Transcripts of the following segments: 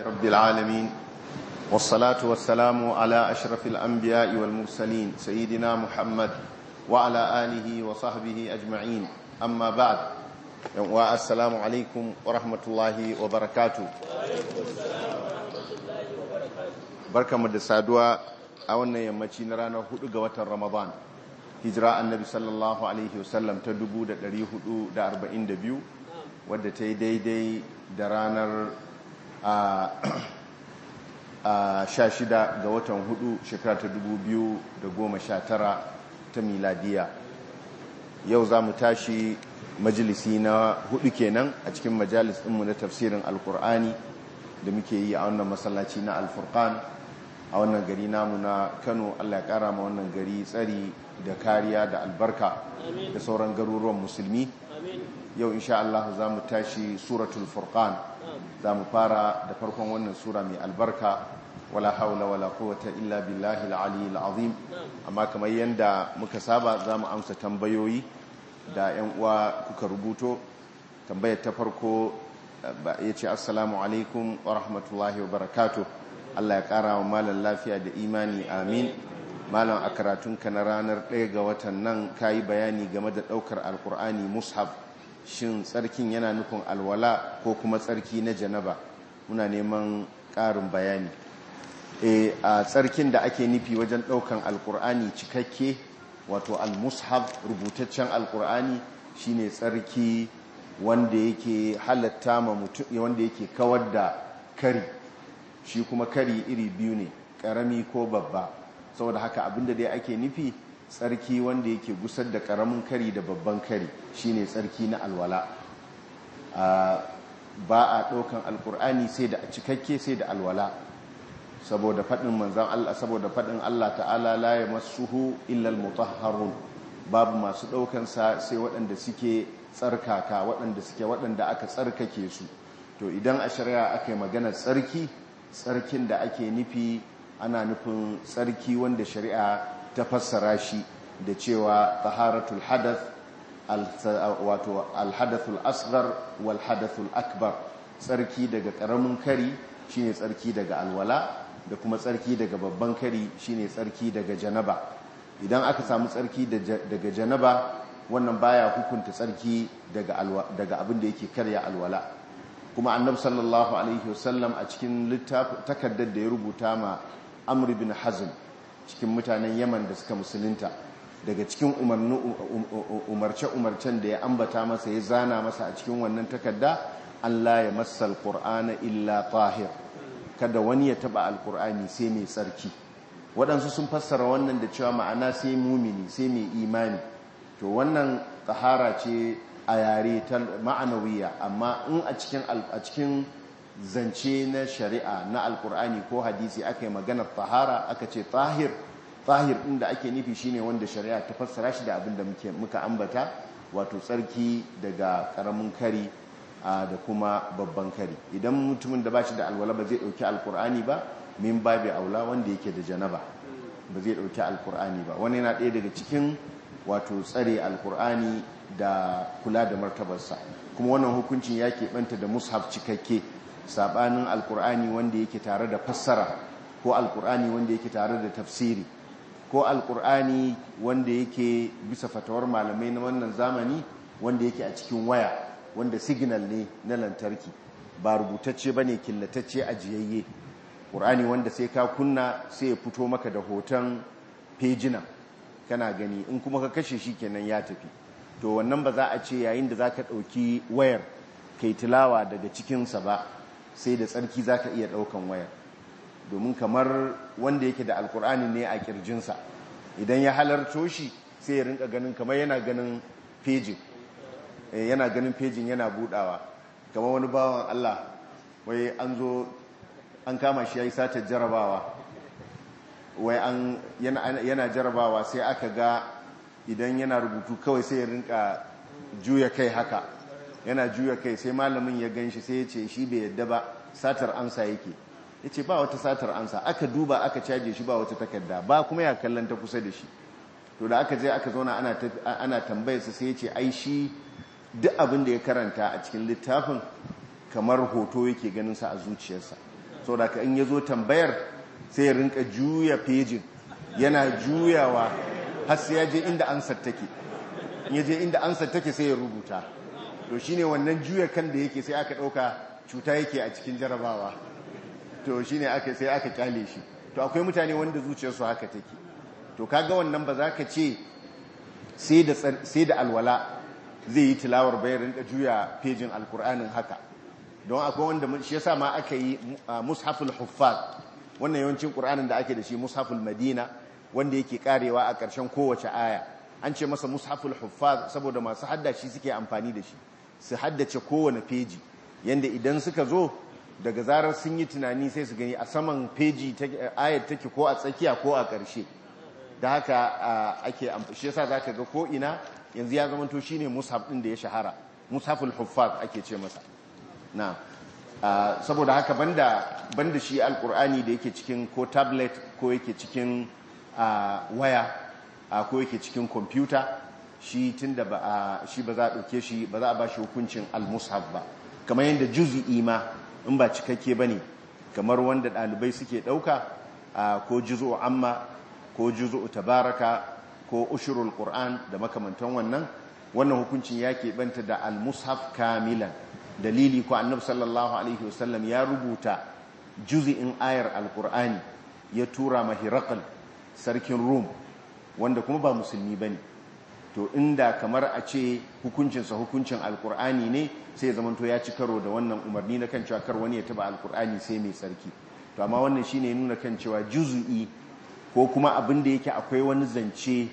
رب العالمين والصلاة والسلام على أشرف الأنبياء والمرسلين سيدنا محمد وعلى آله وصحبه أجمعين أما بعد والسلام عليكم ورحمة الله وبركاته بركة مدرسة دواء أولنا يمتين رانا هدوغة رمضان هجراء النبي صلى الله عليه وسلم تدبو دا 442 wadda ta yi daidai da ranar a sha shida ga watan hudu shekara ta dubu biyu da goma sha tara ta miladiya yau za mu tashi majalisi na hudu kenan a cikin majalis mu na tafsirin alkur'ani da muke yi a wannan masallaci na alfurkan a wannan gari namu na kano allah ya kara ma wannan gari tsari da kariya da albarka da sauran garuruwan musulmi yau insha Allah za mu tashi suratul furqan za mu fara da farkon wannan sura mai albarka wala haula wala quwwata illa billahi al-aliyyil azim amma kamar yanda muka saba za mu amsa tambayoyi da ƴan uwa kuka rubuto tambayar ta farko yace assalamu alaikum wa rahmatullahi wa barakatuh Allah ya kara wa malam lafiya da imani amin malam a karatunka na ranar 1 ga watan nan kayi bayani game da daukar alkur'ani mushaf shin tsarkin yana nufin alwala ko kuma tsarki na janaba muna neman ƙarin bayani e a tsarkin da ake nufi wajen ɗaukan alkur'ani cikakke wato al-mushaf rubutaccen alkur'ani shine tsarki wanda yake halatta ma mutum wanda yake kawar da kari shi kuma kari iri biyu ne ƙarami ko babba saboda haka abinda dai ake nufi tsarki wanda yake gusar da karamin kari da babban kari shine tsarki na alwala ba a ɗaukan alƙur'ani sai da cikakke sai da alwala saboda faɗin manzan Allah saboda faɗin Allah ta'ala la yamassuhu illa almutahharun babu masu ɗaukan sa sai waɗanda suke tsarkaka waɗanda suke waɗanda aka tsarkake su to idan a shari'a aka yi magana tsarki tsarkin da ake nufi ana nufin tsarki wanda shari'a ta fassara shi da cewa taharatul hadath wato alhadathul asghar wal akbar tsarki daga karamin kari shine tsarki daga alwala da kuma tsarki daga babban kari shine tsarki daga janaba idan aka samu tsarki daga janaba wannan baya hukunta tsarki daga abin da yake karya alwala kuma annabi sallallahu alaihi wasallam a cikin littafin takaddar da ya rubuta ma amr bin hazm cikin mutanen yaman da suka musulunta daga cikin umarce-umarcen da ya ambata masa ya zana masa a cikin wannan takarda Allah ya masa alkur'ana illa tahir kada wani ya taba alkur'ani sai mai tsarki waɗansu sun fassara wannan da cewa ma'ana sai mumini sai mai imani to wannan tsahara ce a yare ta ma'anawiya amma in a cikin zance na shari'a na alkur'ani ko hadisi aka yi maganar tahara aka ce tahir tahir ɗin da ake nufi shine wanda shari'a ta fassara shi da abin da muka ambata wato tsarki daga ƙaramin kari da kuma babban kari idan mutumin da ba shi da alwala ba zai ɗauki alkur'ani ba min babi aula wanda yake da janaba ba zai ɗauki alkur'ani ba wani yana ɗaya daga cikin wato tsare alkur'ani da kula da martabarsa kuma wannan hukuncin ya ɓanta da mushaf cikakke sabanin alkur'ani wanda yake tare da fassara ko alkur'ani wanda yake tare da tafsiri ko alkur'ani wanda yake bisa fatawar malamai na wannan zamani wanda yake a cikin waya wanda signal ne na lantarki ba rubutacce ba ne killatacce ajiyayye ƙur'ani wanda sai ka kunna sai ya fito maka da hoton pejina kana gani in kuma ka kashe shi kenan ya tafi to wannan ba za a ce yayin da za ka ɗauki wayar kai tilawa daga cikinsa ba sai da tsarki za ka iya ɗaukan wayar domin kamar wanda yake da alkur'ani ne a kirjinsa idan ya halarto shi sai ya rinka ganin kamar yana ganin fejin eh, yana ganin fejin yana budawa kamar wani bawan allah wai an zo an kama shi ya yi satar jarabawa wai an yana jarabawa sai aka ga idan yana rubutu kawai sai ya rinka juya kai haka yana juya kai sai malamin ya ganshi sai ya ce shi bai yadda ba satar ansa yake ya ce ba wata satar ansa aka duba aka caje shi ba wata takarda ba kuma ya kallon ta kusa da shi to da aka je aka zauna ana tambayarsa sai ya ce ai shi duk abin da ya karanta a cikin littafin kamar hoto yake ganin sa a zuciyarsa so da in ya zo tambayar sai ya rinka juya pejin yana juyawa har sai ya je inda ansar take in ya je inda ansar take sai ya rubuta to shine wannan juya kan da yake sai aka ɗauka cuta yake a cikin jarabawa to shine aka sai aka kyale shi to akwai mutane wanda zuciyarsu haka take to kaga wannan ba za ka ce sai da alwala zai yi tilawar bayan da juya fejin alkur'anin haka don akwai wanda shi yasa ma aka yi ah, mushaful huffaz wannan yawancin qur'anin da ake da shi mushaful madina wanda yake karewa a ƙarshen kowace aya an ce masa mushaful huffaz saboda masu haddashi suke amfani da shi su haddace kowane feji yadda idan suka zo daga zarar sun yi tunani sai su gani a saman feji ayat take ko a tsakiya ko a ƙarshe da haka ake shi yasa ka ga ko ina yanzu ya zama to shi ne mushaf ɗin da ya shahara mushaful huffaz ake ce masa na saboda haka banda banda shi Alƙur'ani da yake cikin ko tablet ko yake cikin waya ko yake cikin kwamfuta shi tunda ba shi ba za a ɗauke shi ba za a ba shi hukuncin al-mushaf ba kamar yadda juz'i ma in ba cikakke ba ne kamar wanda ɗalibai suke ɗauka ko juz'u amma ko juz'u tabaraka ko ushirul qur'an da makamantan wannan wannan hukuncin ya keɓanta da al-mushaf kamilan dalili ko annabi sallallahu alaihi wasallam ya rubuta juzi'in ayar al ya tura mahiraqal sarkin rum wanda kuma ba musulmi bane to inda kamar a ce hukuncinsa hukuncin alkur'ani ne sai ya zamanto ya ci karo da wannan umarni na kan cewa kar wani ya taba alkur'ani sai mai sarki to amma wannan shine ya nuna kan cewa juzu'i ko kuma abin da yake akwai wani zance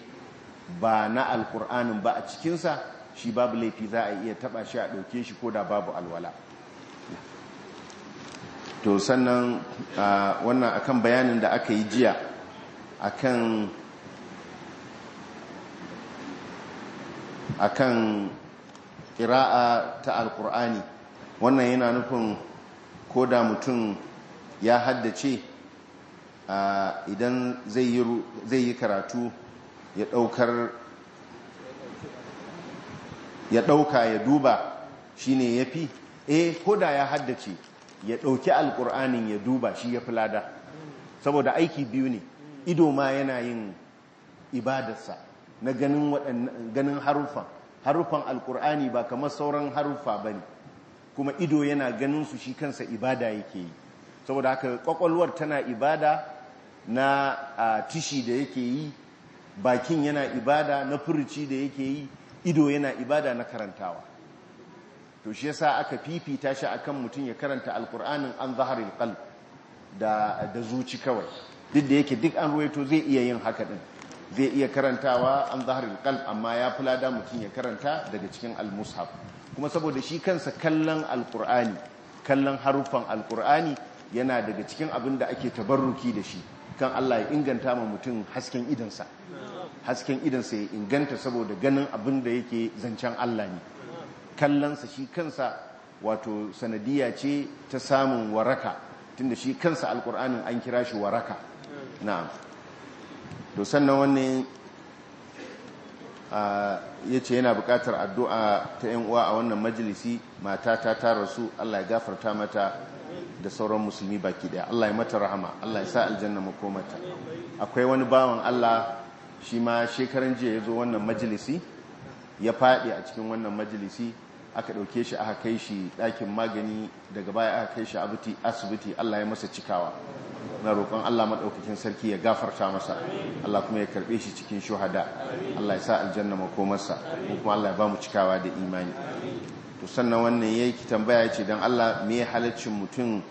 ba na alkur'anin ba a cikinsa shi babu laifi za a iya taba shi a ɗauke shi ko da babu alwala to sannan wannan akan bayanin da aka yi jiya akan akan ƙira'a ta alkur'ani wannan yana nufin ko da mutum ya haddace idan zai yi karatu ya daukar ya ɗauka ya duba shi ne ya fi eh ko da ya haddace ya ɗauki alkur'anin ya duba shi ya fi lada saboda aiki biyu ne ido ma yana yin ibadarsa na ganin ganin haruffan haruffan alkur'ani ba kamar sauran haruffa ba ne kuma ido yana ganin su shi kansa ibada yake yi saboda haka kwakwalwar tana ibada na tishi da yake yi bakin yana ibada na furuci da yake yi ido yana ibada na karantawa to shi yasa aka fifita shi akan mutum ya karanta alkur'anin an zaharil qalb da da zuci kawai duk da yake duk an ruwaito zai iya yin haka din zai iya karantawa an zaharin kal amma ya fi lada mutum ya karanta daga cikin almushaf kuma saboda shi kansa kallon alkur'ani kallon haruffan alkur'ani yana daga cikin abin da ake tabarruki da shi kan Allah ya inganta ma mutum hasken idansa hasken idansa ya inganta saboda ganin abin da yake zancen Allah ne kallonsa shi kansa wato sanadiyya ce ta samun waraka tunda shi kansa alkur'anin an kira shi waraka na'am to sannan wannan ya ce yana bukatar addu'a ta ‘yan uwa a wannan majalisi mata ta tara su Allah ya gafarta mata da sauran musulmi baki daya Allah ya mata rahama Allah ya sa aljanna mata akwai wani bawan Allah shi ma shekaran jiya ya zo wannan majalisi ya faɗi a cikin wannan majalisi aka ɗauke shi aka kai shi ɗakin magani daga baya aka kai shi asibiti Allah ya masa cikawa na roƙon Allah maɗaukakin sarki ya gafarta masa Allah kuma ya karɓe shi cikin shuhada Allah ya sa aljanna makomarsa kuma Allah ya ba mu cikawa da imani to sannan wannan ya yi tambaya ce don Allah me halaccin mutum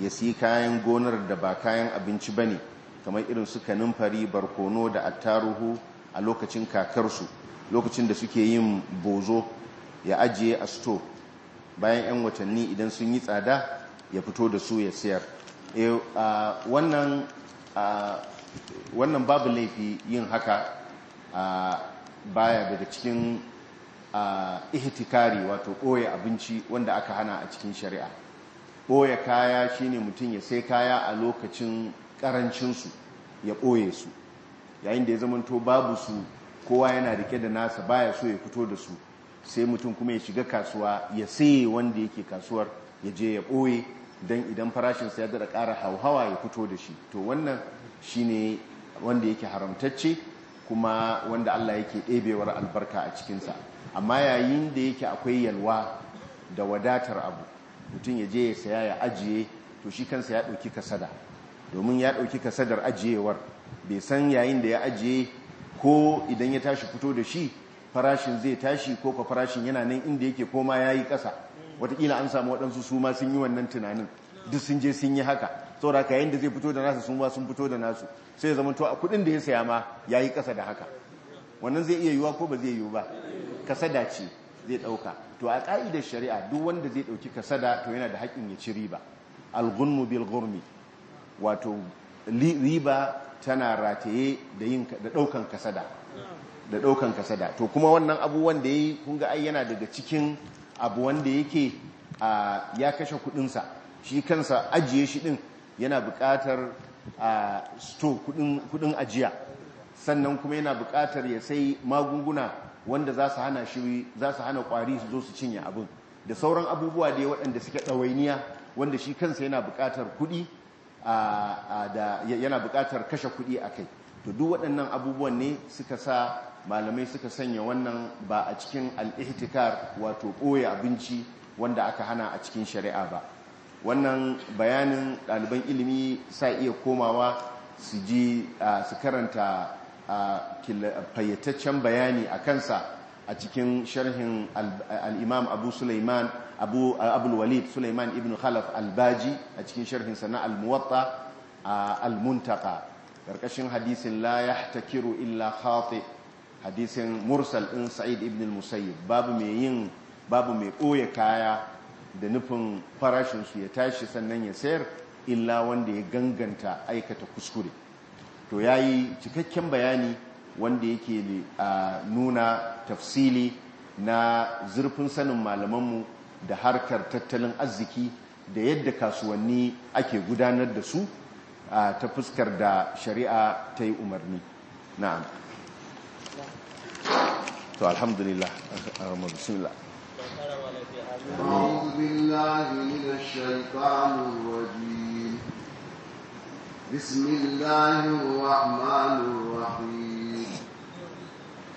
ya siyi kayan gonar da ba kayan abinci ba ne kamar irin su kanumfari barkono da attaruhu a lokacin kakarsu lokacin da suke yin bozo ya ajiye a sto bayan 'yan watanni idan sun yi tsada ya fito da su ya siyar Eh, wannan babu laifi yin haka baya daga cikin ihtikari wato ɓoye abinci wanda aka hana a cikin shari'a ɓoye kaya shine mutum ya sai kaya a lokacin ƙarancinsu ya ɓoye su yayin da ya zamanto babu su kowa yana rike da nasa baya so ya fito da su sai mutum kuma ya shiga kasuwa ya saye wanda yake kasuwar ya je ya ɓoye don idan farashinsa ya daɗa ƙara hauhawa ya fito da shi to wannan shi ne wanda yake haramtacce kuma wanda Allah yake ɗebewar albarka a cikinsa amma yayin da yake akwai yalwa da wadatar abu mutum ya je ya saya ya ajiye to shi kansa ya ɗauki kasada domin ya ɗauki kasadar ajiyewar bai san yayin da ya ajiye ko idan ya tashi fito da shi farashin zai tashi ko ka farashin yana nan inda yake koma ya yi ƙasa watakila an samu waɗansu su ma sun yi wannan tunanin duk sun je sun yi haka saboda ka yayin da zai fito da nasu sun ba sun fito da nasu sai ya zamanto a kuɗin da ya saya ma ya yi ƙasa da haka wannan zai iya yiwuwa ko ba zai yiwu ba kasada ce zai ɗauka to a ƙa'idar shari'a duk wanda zai ɗauki kasada to yana da haƙƙin ya ci riba algunmu bil gurmi wato riba tana rataye da yin da ɗaukan kasada da ɗaukan kasada to kuma wannan abubuwan da ya yi kun ga ai yana daga cikin abu wanda yake ya kashe kudinsa shi kansa ajiye shi din yana buƙatar sto kudin ajiya sannan kuma yana bukatar ya sai magunguna wanda za su hana shi za su hana kwari su zo su cinye abin da sauran abubuwa da waɗanda suke ɗawainiya wanda shi kansa yana buƙatar kuɗi da yana bukatar kashe kuɗi a kai to duk waɗannan abubuwan ne suka sa malamai suka sanya wannan ba a cikin al'ihtikar wato ɓoye abinci wanda aka hana a cikin shari'a ba wannan bayanin ɗaliban ilimi sa iya komawa su ji su karanta fayyataccen bayani a kansa a cikin sharhin al'imam abu suleiman abu abulwalid suleiman ibn khalaf albaji a cikin sharhin sana al-muwatta al-muntaka ƙarƙashin hadisin la ya illa khafi hadisin mursal din sa'id ibn musayyib babu mai yin babu mai ɓoye kaya da nufin farashinsu ya tashi sannan ya sayar illa wanda ya ganganta aikata kuskure to ya yi cikakken bayani wanda yake nuna tafsili na zurfin sanin malamanmu da harkar tattalin arziki da yadda kasuwanni ake gudanar da su ta fuskar da shari'a ta yi umarni na'am الحمد لله بسم الله أعوذ بالله من الشيطان الرجيم بسم الله الرحمن الرحيم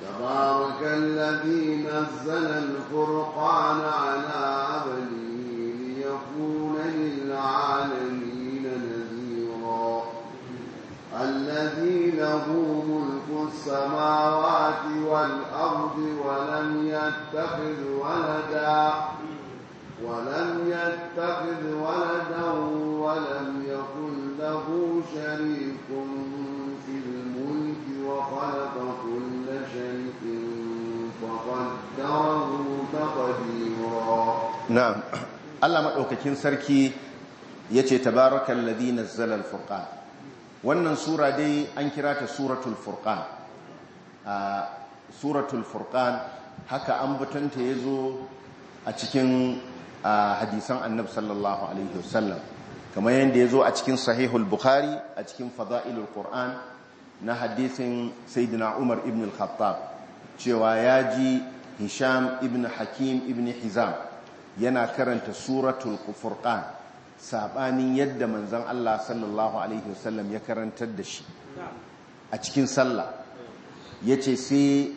تبارك الذي نزل الفرقان على عبده ليكون للعالمين الذي له ملك السماوات والأرض ولم يتخذ ولدا ولم يتخذ ولدا ولم يكن له شريك في الملك وخلق كل شيء فقدره تقديرا نعم الله كين سركي يتي تبارك الذي نزل الفرقان wannan sura dai an kira ta suratul furqan a suratul furqan haka ambatanta yazo a cikin hadisan annab sallallahu alaihi wasallam kamar yadda yazo a cikin sahihul bukhari a cikin fada'ilul qur'an na hadisin sayyidina umar ibn al-khattab cewa ya ji hisham ibn hakim ibn hizam yana karanta suratul furqan saɓanin yadda manzan Allah sallallahu Alaihi wasallam ya karantar da shi a cikin sallah ya ce sai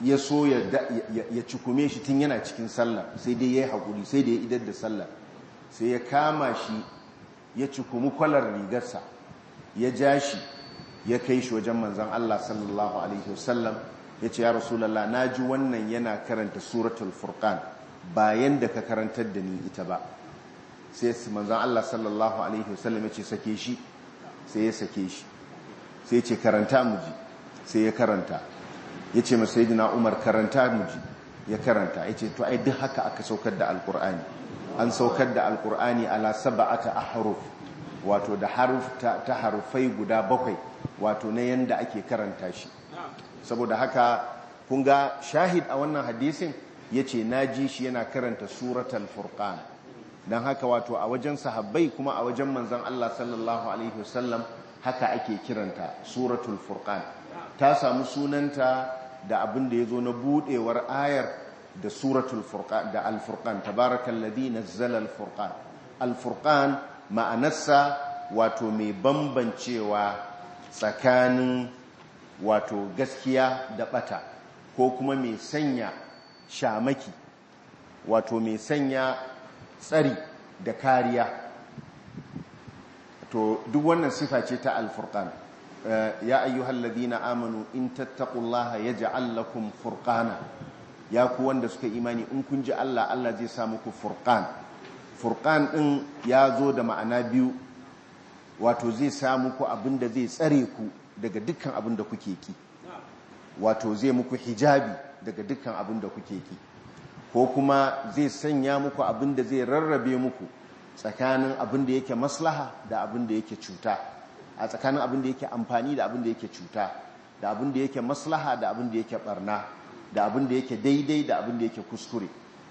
ya so ya cikume shi tun yana cikin sallah sai dai ya yi haƙuri sai dai ya idar da sallah sai ya kama shi ya cikumi kwalar rigarsa ya ja shi ya kai shi wajen manzan Allah sallallahu Alaihi wasallam ya ce ya rasulallah na ji wannan yana karanta suratul furqan bayan da ka karantar da ni ita ba sai su manzan Allah sallallahu alaihi wasallam ya ce sake shi sai ya sake shi sai ce karanta mu sai ya karanta ya ce masa umar karanta muji ya karanta ya ce to ai duk haka aka saukar da alkur'ani an saukar da alkur'ani ala saba'ata haruf wato da haruf ta harufai guda bakwai wato na yanda ake karanta shi saboda haka kun ga shahid a wannan hadisin ya ce na ji shi yana karanta suratul furqan don haka wato a wajen sahabbai kuma a wajen manzan Allah sallallahu alaihi wasallam haka ake kiranta suratul furqan ta samu sunanta da abin da ya zo na budewar ayar da suratul furqan da al-furqan tabarakallazi nazzala al alfurqan al ma'anarsa wato mai bambancewa tsakanin wato gaskiya da bata ko kuma mai sanya shamaki wato mai sanya tsari da kariya to duk wannan sifa ce ta alfurqan eh, ya ayyuhal ladina amanu in tattaqullaha yaj'al lakum furqana ya ku wanda suka imani in kun ji Allah Allah zai sa muku furqan furqan din ya zo da ma'ana biyu wato zai sa muku abin zai tsare ku daga dukkan abin kuke ki wato zai muku hijabi daga dukkan abin kuke ki ko kuma zai sanya muku abin da zai rarrabe muku tsakanin abin da yake maslaha da abin da yake cuta a tsakanin abin da yake amfani da abin da yake cuta da abin da yake maslaha da abin da yake barna da abin da yake daidai da abin da yake kuskure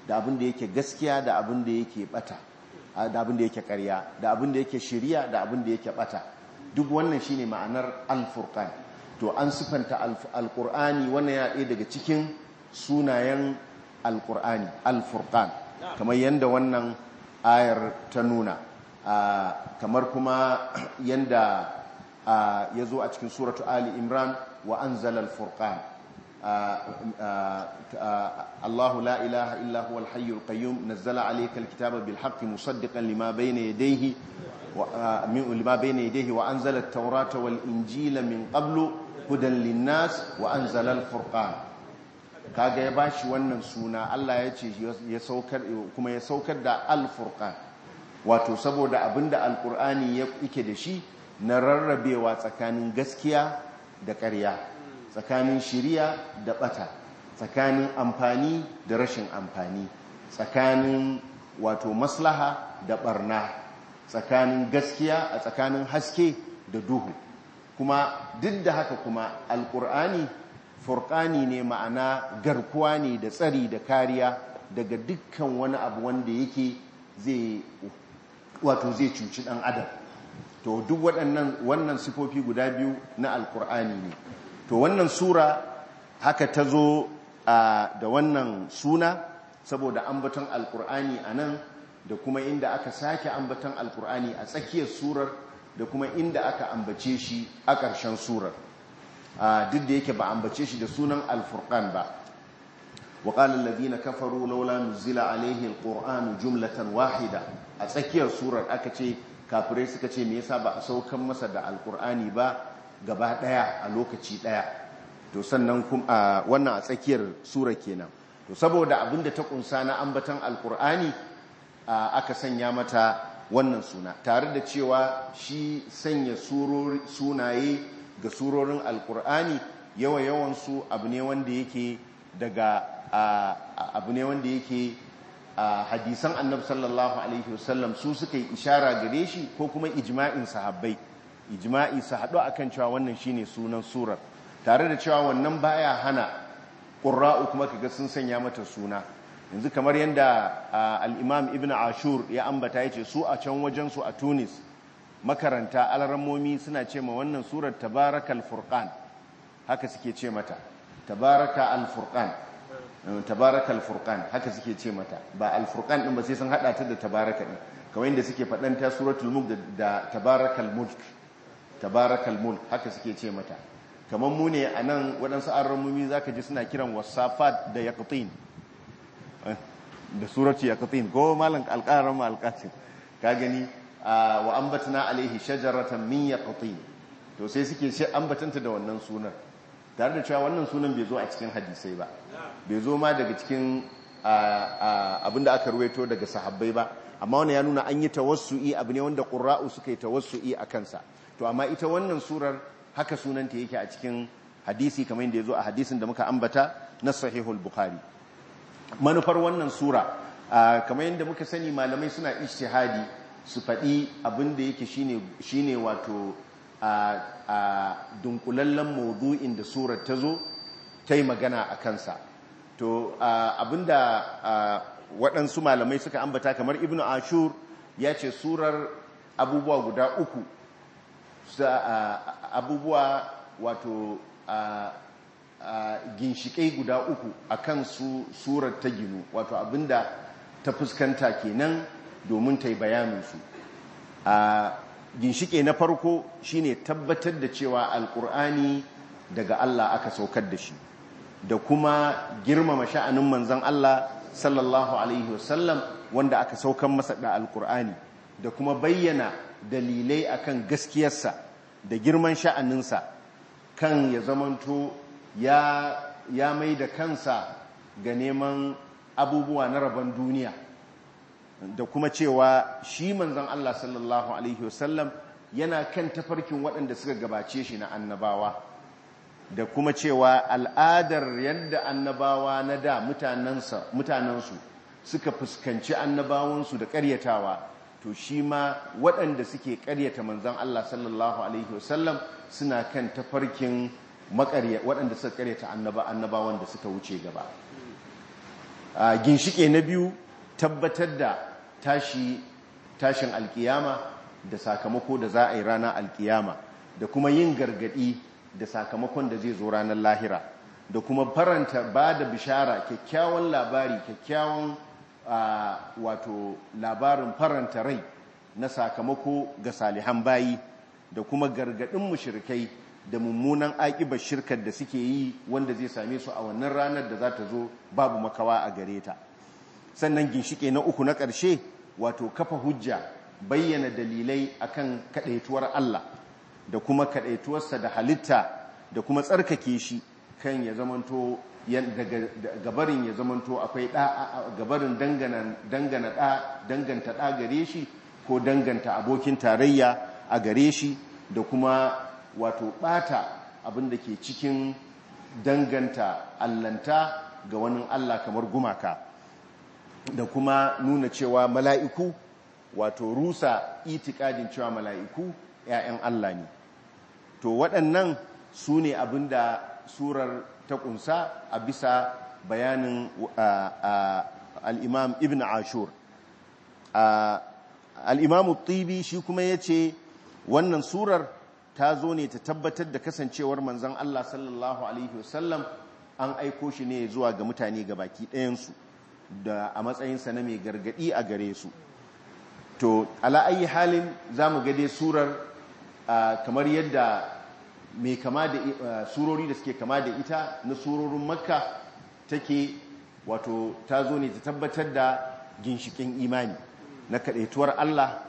da abin da yake gaskiya da abin da yake bata da abin da yake karya da abin da yake shiriya da abin da yake bata duk wannan shine ma'anar alfurkan to an sifanta alqur'ani wannan ya daga cikin sunayen Alƙur'ani alfurqan kamar yadda wannan ayar ta nuna ah, kamar kuma yadda ah, ya zo a cikin suratu ali imran wa anzala ah, Allahu la ilaha illa huwa alhayyul qayyum nazzala alaikal kitaba bil haqqi musaddiqan lima bayna yadayhi wa lima wa an at-taurata wal injila min qablu hudan linnas wa anzala al-furqan kaga ya bashi wannan suna Allah ya ce kuma ya saukar da al wato saboda abinda al-qur'ani yake da shi na rarrabewa tsakanin gaskiya da ƙarya tsakanin shiriya da bata tsakanin amfani da rashin amfani tsakanin wato maslaha da barna tsakanin gaskiya a tsakanin haske da duhu kuma duk da haka kuma al furkani ne ma'ana garkuwa ne da tsari da kariya daga dukkan wani abu wanda yake zai wato zai cuci dan adam to duk waɗannan wannan sifofi guda biyu na alkur'ani ne to wannan sura haka ta zo da wannan suna saboda ambaton alkur'ani a nan da kuma inda aka sake ambaton alkur'ani a tsakiyar surar da kuma inda aka ambace shi a ƙarshen surar duk da yake ba ambace shi da sunan alfurkan ba وقال jumlatan wahida a tsakiyar surar aka ce kafirai suka ce me yasa ba ce saukan masa da القرآن ba gaba ɗaya a lokaci ɗaya to sannan kuma wannan a tsakiyar surar kenan to saboda abinda ta kunsa na ambatan alkur'ani aka sanya mata wannan suna tare da cewa shi sanya sunaye ga surorin alkur'ani yawa yawansu abu ne wanda yake daga abu ne wanda yake hadisan annabi sallallahu alaihi wasallam su suka yi ishara gare shi ko kuma ijma'in sahabbai ijma'i su a akan cewa wannan shine sunan surar tare da cewa wannan baya hana ƙurra'u kuma kaga sun sanya mata suna yanzu kamar yadda al-imam ibn ashur ya ambata yace su a can wajensu a tunis makaranta alramomi suna ce ma wannan surar tabarakal furqan haka suke ce mata tabaraka alfurqan eh, tabarakal furqan haka suke ce mata ba alfurqan din ba sai sun hada ta da tabaraka din kamar yadda suke fadan ta suratul mulk da tabarakal mulk tabarakal mulk haka suke ce mata kamar mu ne anan wadansu arramomi zaka ji suna kiran wasafat da yaqtin eh, da surati yaqtin ko malan alqaram alqatin ka gani wa ambatna alaihi shajaratan min yaqtin to sai suke shi ambatanta da wannan sunan tare da cewa wannan sunan bai zo a cikin hadisai ba bai zo ma daga cikin abinda aka ruwaito daga sahabbai ba amma wannan ya nuna an yi tawassu'i abu ne wanda qurra'u suka yi tawassu'i a kansa to amma ita wannan surar haka sunanta yake a cikin hadisi kamar yadda ya zo a hadisin da muka ambata na sahihul bukhari manufar wannan sura kamar yadda muka sani malamai suna ijtihadi su faɗi abin da shi ne wato a dunkulallen maudu'in da surar ta zo ta yi magana a kansa to abin da waɗansu malamai suka ambata kamar ibn ashur ya ce surar abubuwa guda uku abubuwa wato ginshiƙai guda uku a kan su surar ta ginu wato abinda ta fuskanta kenan domin ta yi bayaninsu a ginshike na farko shine tabbatar da cewa alkur'ani daga Allah aka saukar da shi da kuma girmama sha'anin manzan Allah sallallahu alaihi wasallam wanda aka saukan masa da alkur'ani da kuma bayyana dalilai akan gaskiyarsa da girman sha'aninsa kan ya zamanto ya ya mai da kansa ga neman abubuwa na rabon duniya da kuma cewa shi manzon Allah sallallahu alaihi wasallam yana kan tafarkin waɗanda suka gabace shi na annabawa da kuma cewa al'adar yadda annabawa na da mutanensu suka fuskanci annabawansu da ƙaryatawa to shi ma waɗanda suke ƙaryata manzan Allah sallallahu Alaihi wasallam suna kan tafarkin waɗanda suka ƙaryata annabawan da suka wuce gaba ginshike na biyu tabbatar da tashi tashin alkiyama da sakamako da za a yi ranar alkiyama da kuma yin gargadi da sakamakon da zai zo ranar lahira da kuma faranta ba da bishara kyakkyawan labari kyakkyawan wato labarin faranta rai na sakamako ga salihan bayi da kuma gargadin mushrikai da mummunan aƙibar shirkar da suke yi wanda zai same su a wannan ranar da za ta zo babu makawa a gare ta sannan ginshike na uku na ƙarshe wato kafa hujja bayyana dalilai akan kaɗaituwar Allah da kuma kaɗaituwarsa da halitta da kuma tsarkake shi kan ya zamanto gabarin ya zamanto akwai gabarin dangana danganta ɗa gare shi ko danganta abokin tarayya a gare shi da kuma wato ɓata abin da ke cikin danganta allanta ga wani Allah kamar gumaka da kuma nuna cewa mala'iku wato rusa itikadin cewa mala'iku ‘ya'yan Allah ne to waɗannan su ne abin da surar ta ƙunsa a bisa bayanin al'imam ibn ashur al'imamu tibi shi kuma ya ce wannan surar ta zo ne ta tabbatar da kasancewar manzan Allah sallallahu Alaihi wasallam an aiko shi ne zuwa ga mutane ga baki ɗayansu da a matsayinsa na mai gargadi a gare su to ala'ayi halin za mu gade surar kamar yadda mai kama da surori da suke kama da ita na surorin makka take wato ta zo ne ta tabbatar da ginshikin imani na kadaituwar Allah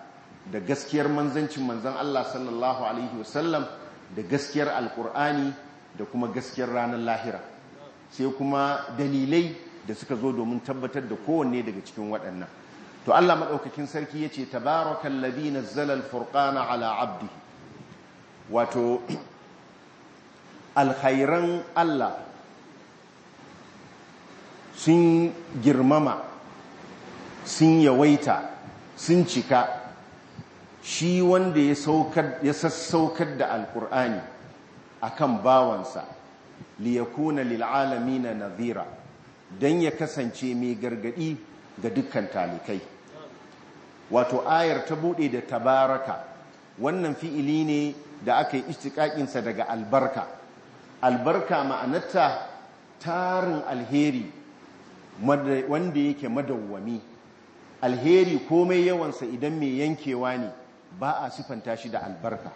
da gaskiyar manzancin manzan Allah sallallahu alaihi wasallam da gaskiyar alkur'ani da kuma gaskiyar ranar lahira sai kuma dalilai da suka zo domin tabbatar da kowanne daga cikin waɗannan to Allah maɗaukakin sarki ya ce tabarakal ladhi nazzala al ala abdihi wato alkhairan Allah sun girmama sun yawaita sun cika shi wanda ya sassaukar da a akan bawansa liyakuna lil'alamina nadhira don ya kasance mai gargadi ga dukkan talikai wato ayar ta bude da tabaraka wannan fi'ili ne da aka yi daga albarka albarka ma'anarta tarin alheri wanda yake madawwami alheri komai yawansa idan mai yankewa ne ba a sifanta shi da albarka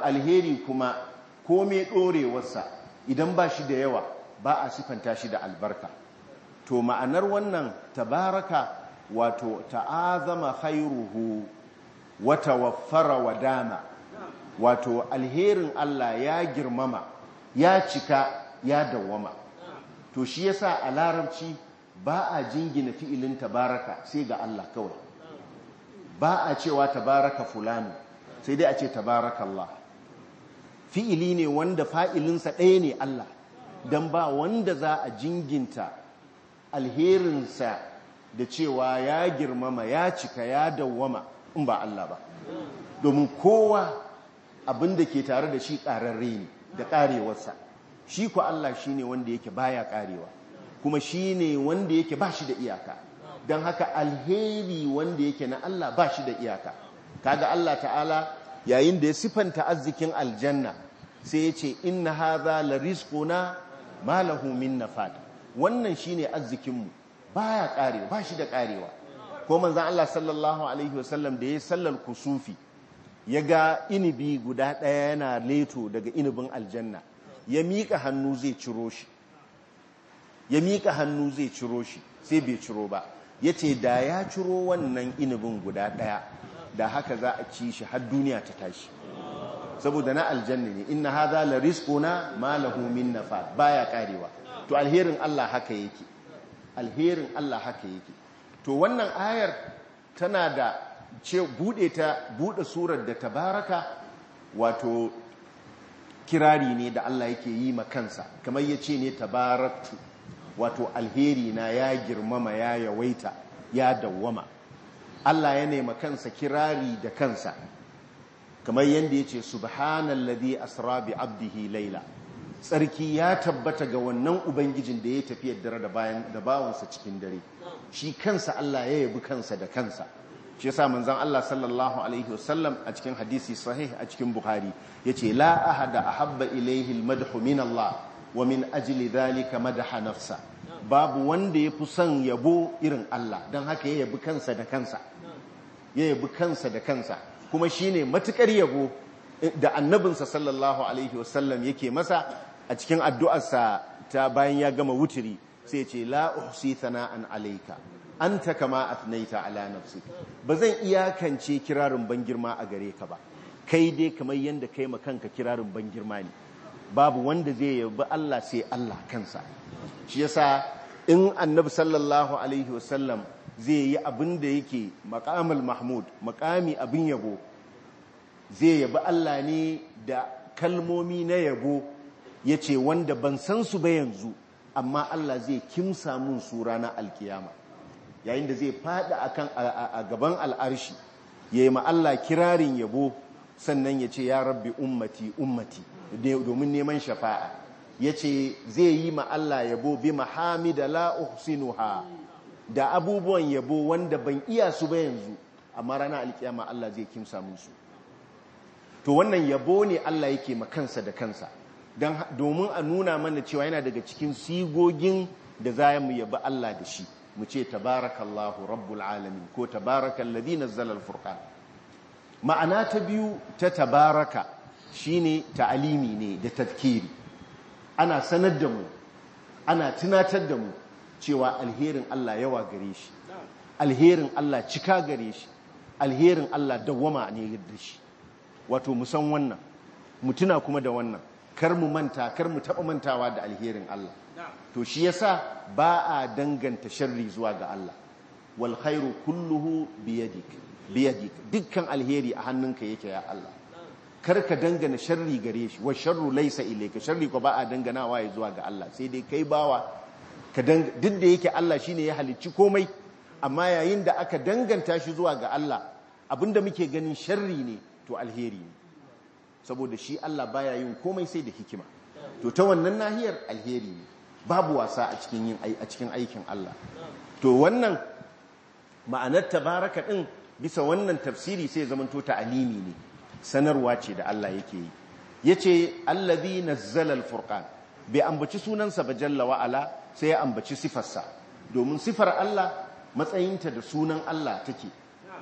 alheri kuma komai ɗorewarsa idan ba shi da yawa ba a sifanta shi da albarka to ma'anar wannan tabaraka wato ta'azama khairuhu wa tawaffara wa dama wato alherin Allah ya girmama ya cika ya dawwama to shi yasa a larabci ba a jingina fi'ilin tabaraka sai ga Allah kawai ba a cewa tabaraka fulani sai dai a ce tabarakallah fi'ili ne wanda fa'ilinsa ɗaya ne Allah don ba wanda za a jinginta alherinsa da cewa ya girmama ya cika ya dawwama in ba Allah ba domin kowa abin da ke tare da shi ƙararre ne da ƙarewarsa shi ku Allah shi ne wanda yake baya ƙarewa kuma shi ne wanda yake ba shi da iyaka don haka alheri wanda yake na Allah ba shi da iyaka kaga Allah ta'ala yayin da ya sifanta arzikin aljanna sai ya ce inna haza la rizquna malahu min nafad wannan shine arzikin mu baya karewa ba shi da karewa ko manzon Allah sallallahu alaihi wasallam da ya sallar kusufi ya ga inibi guda daya yana leto daga inibin aljanna ya mika hannu zai ciro shi ya mika hannu zai ciro shi sai bai ciro ba yace da ya ciro wannan inibin guda daya da haka za a ci shi har duniya ta tashi saboda na aljanna ne inna hadha la rizquna ma lahu min nafad baya karewa to alherin Allah haka yake alherin Allah haka yake to wannan ayar tana da ce bude ta bude surar da tabaraka wato kirari ne da Allah yake yi ma kansa kamar yace ne tabaraktu wato alheri na ya girmama ya yawaita ya dawwama Allah ya nema kansa kirari da kansa kamar yadda ya ce subhanalladhi asra bi abdihi laila tsarki ya tabbata ga wannan ubangijin da ya tafi dare da bayan da bawansa cikin dare shi kansa Allah ya yabi kansa da kansa shi yasa manzon Allah sallallahu alaihi wasallam a cikin hadisi sahih a cikin bukhari yace la ahada ahabba ilayhi almadhu min Allah wa min ajili dhalika madaha nafsa babu wanda ya fi son yabo irin Allah don haka ya yabi ya yabi kansa da kansa kuma shi ne matuƙar yabo eh, da annabinsa sallallahu alaihi wasallam yake masa a cikin addu'arsa ta bayan ya gama wuturi sai ce la sana'an alaika an ta kama athnaita ala nafsi zan iyakance kirarin ban girma a gare ka ba kai dai kamar yadda kai ma kanka kirarin ban girma ne babu wanda zai yabi Allah sai Allah kansa shi yasa in annabi sallallahu alaihi wasallam zai yi abin da yake makamul mahmud makami abin yabo zai yabi Allah ne da kalmomi na yabo ya ce wanda ban san su ba yanzu amma Allah zai kimsa mun su ranar alkiyama yayin da zai fada akan a gaban al'arshi ya yi Allah kirarin yabo sannan ya ce ya rabbi ummati ummati domin neman shafa'a ya ce zai yi Allah yabo bi mahamida la ha da abubuwan yabo wanda ban iya su ba yanzu amma rana alkiyama Allah zai kimsa musu to wannan yabo ne Allah yake ma kansa da kansa domin a nuna mana cewa yana daga cikin sigogin da za mu yabi Allah da shi mu ce tabarakallahu rabbul alamin ko tabarakal ladhi nazzala Furka. ma'ana ta biyu ta tabaraka shine ta'alimi ne da tafkiri. ana sanar da mu ana tunatar da mu cewa alherin Allah yawa gare shi alherin Allah cika gare shi alherin Allah dawwama ne yadda shi wato mu san wannan mu kuma da wannan kar mu manta kar mu taba mantawa da alherin Allah to shi yasa ba a danganta sharri zuwa ga Allah wal khairu kulluhu biyadik biyadik dukkan alheri a hannunka yake ya Allah kar ka dangana sharri gare shi wa sharru laysa ilayka sharri ko ba a danganawa ya zuwa ga Allah sai dai kai bawa duk da yake Allah shi ya halicci komai amma yayin da aka danganta shi zuwa ga Allah abinda muke ganin sharri ne to alheri ne saboda shi Allah baya yin komai sai da hikima to ta wannan nahiyar alheri ne babu wasa a cikin yin a cikin aikin Allah to wannan ma'anar tabaraka din bisa wannan tafsiri sai zamanto ta alimi ne sanarwa ce da Allah yake yi yace allazi nazzala alfurqan bai ambaci sunansa ba jalla wa ala sai ya ambaci sifarsa domin sifar Allah matsayinta da sunan Allah take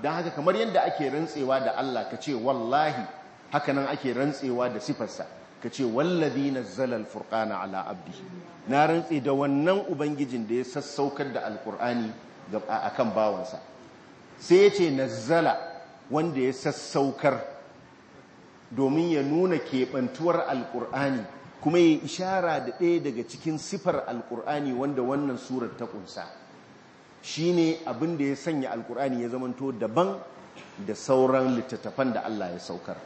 don haka kamar yadda ake rantsewa da Allah ka ce wallahi hakanan ake rantsewa da sifarsa ka ce wallazi zalal alfurqana ala abdi na rantse da wannan ubangijin da ya sassaukar da alkur'ani a akan bawansa sai ya ce nazzala wanda ya sassaukar domin ya nuna keɓantuwar alkur'ani. kuma ya ishara da ɗaya daga cikin sifar alkur'ani wanda wannan surar ta ƙunsa shi ne abin da ya sanya alkur'ani ya zamanto daban da sauran littattafan da Allah ya saukar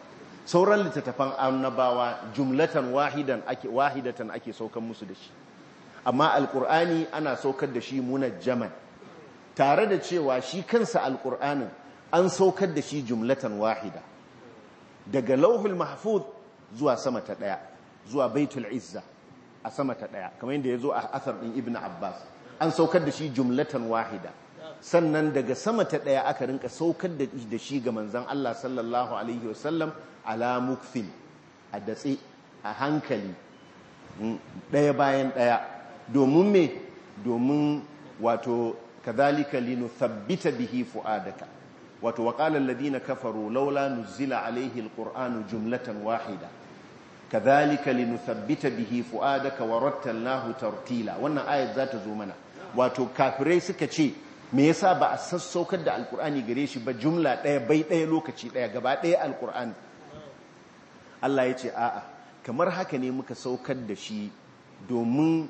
sauran littattafan annabawa jumlatan wahidan ake wahidatan ake saukar musu da shi amma alƙur'ani ana saukar da shi munajjaman tare da cewa shi kansa alkur'anin an saukar da shi jumlatan wahida daga lauhul mahfuz zuwa sama ta ɗaya zuwa baitul izza a sama ta daya kamar yadda ya zo a asar din ibn abbas an saukar da shi jumlatan wahida sannan daga sama ta daya aka rinka saukar da shi ga manzon Allah sallallahu alaihi wasallam ala mukfil a datse a hankali daya mm, bayan daya domin me domin wato kadhalika linuthabbita bihi fuadaka wato wa ladina kafaru laula nuzila alaihi alquranu jumlatan wahida kadhalika linuthabbita bihi fuadaka wa tartila wannan ayat za ta zo mana wato kafirai suka ce me yasa ba a sassaukar da alkur'ani gare shi ba jumla ɗaya bai ɗaya lokaci ɗaya gaba ɗaya alkur'ani Allah ya ce a'a kamar haka ne muka saukar da shi domin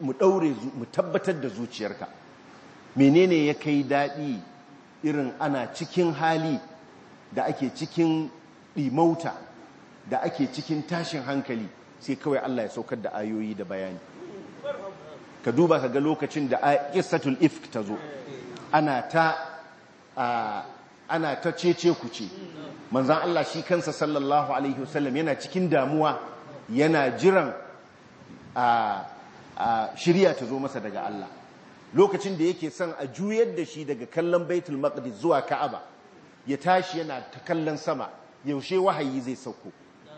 mu daure mu tabbatar da zuciyarka menene ya kai daɗi irin ana cikin hali da ake cikin dimauta da ake cikin tashin hankali sai kawai Allah ya saukar da ayoyi da bayani ka duba ka ga lokacin da qissatul ifk ta zo ana ta ana ta cece ce manzon Allah shi kansa sallallahu alaihi wasallam yana cikin damuwa yana jiran a shirya ta zo masa daga Allah lokacin da yake son a juyar da shi daga kallon Baitul Maqdis zuwa Ka'aba ya tashi yana ta kallon sama yaushe wahayi zai sauko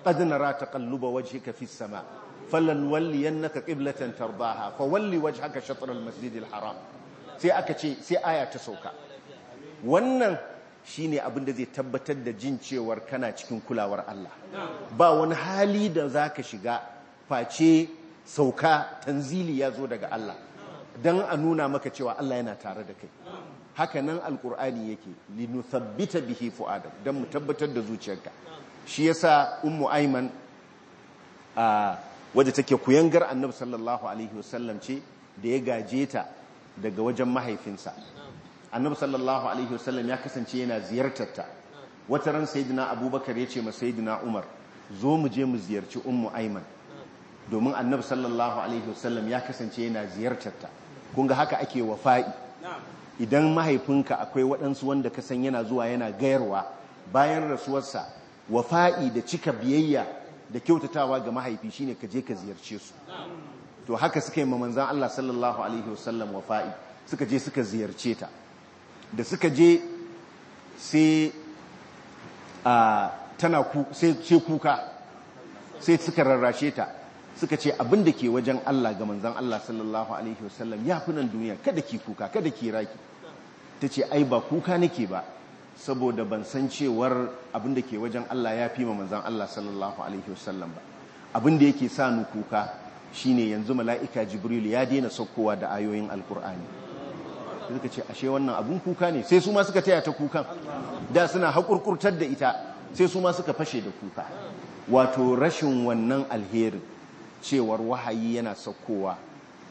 qad nara taqalluba wajhika fis sama falan walliyannaka qiblatan tarbaha fa walli wajhaka shatr al masjid haram sai aka ce sai aya ta sauka wannan shine abin da zai tabbatar da jin cewar kana cikin kulawar Allah ba wani hali da zaka shiga face sauka tanzili ya zo daga Allah don a nuna maka cewa Allah yana tare da kai haka nan alkur'ani yake linuthabbita bihi fu'adak don mu tabbatar da zuciyarka shi yasa ummu aiman a wadda take kuyangar annabi sallallahu alaihi wasallam ce da ya gaje ta daga wajen mahaifinsa annabi sallallahu alaihi wasallam ya kasance yana ziyartar ta wata ran sayyidina abubakar ya ce ma sayyidina umar zo mu je mu ziyarci ummu aiman domin annabi sallallahu alaihi wasallam ya kasance yana ziyartar ta kunga haka ake wafa'i idan mahaifinka akwai waɗansu wanda ka san yana zuwa yana gayarwa bayan rasuwarsa wafa'i da cika biyayya da kyautatawa ga mahaifi shine ka je ka ziyarce su to haka suka yi manzan Allah sallallahu alaihi wasallam wafa'i suka je suka ziyarce ta da suka je sai a tana ku sai kuka sai suka rarrashe ta suka ce abin da ke wajen Allah ga manzan Allah sallallahu alaihi wasallam ya fi nan duniya kada ki kuka kada ki raki ta ce ai ba kuka nake ba saboda ban san cewar abin da ke wajen Allah ya fi mamazan Allah sallallahu alaihi wasallam ba abin da yake sa ni kuka shine yanzu mala'ika jibril ya daina saukowa da ayoyin alkur'ani suka ce ashe wannan abin kuka ne sai su ma suka taya ta kuka da suna haƙurƙurtar da ita sai su ma suka fashe da kuka wato rashin wannan alherin cewar wahayi yana saukowa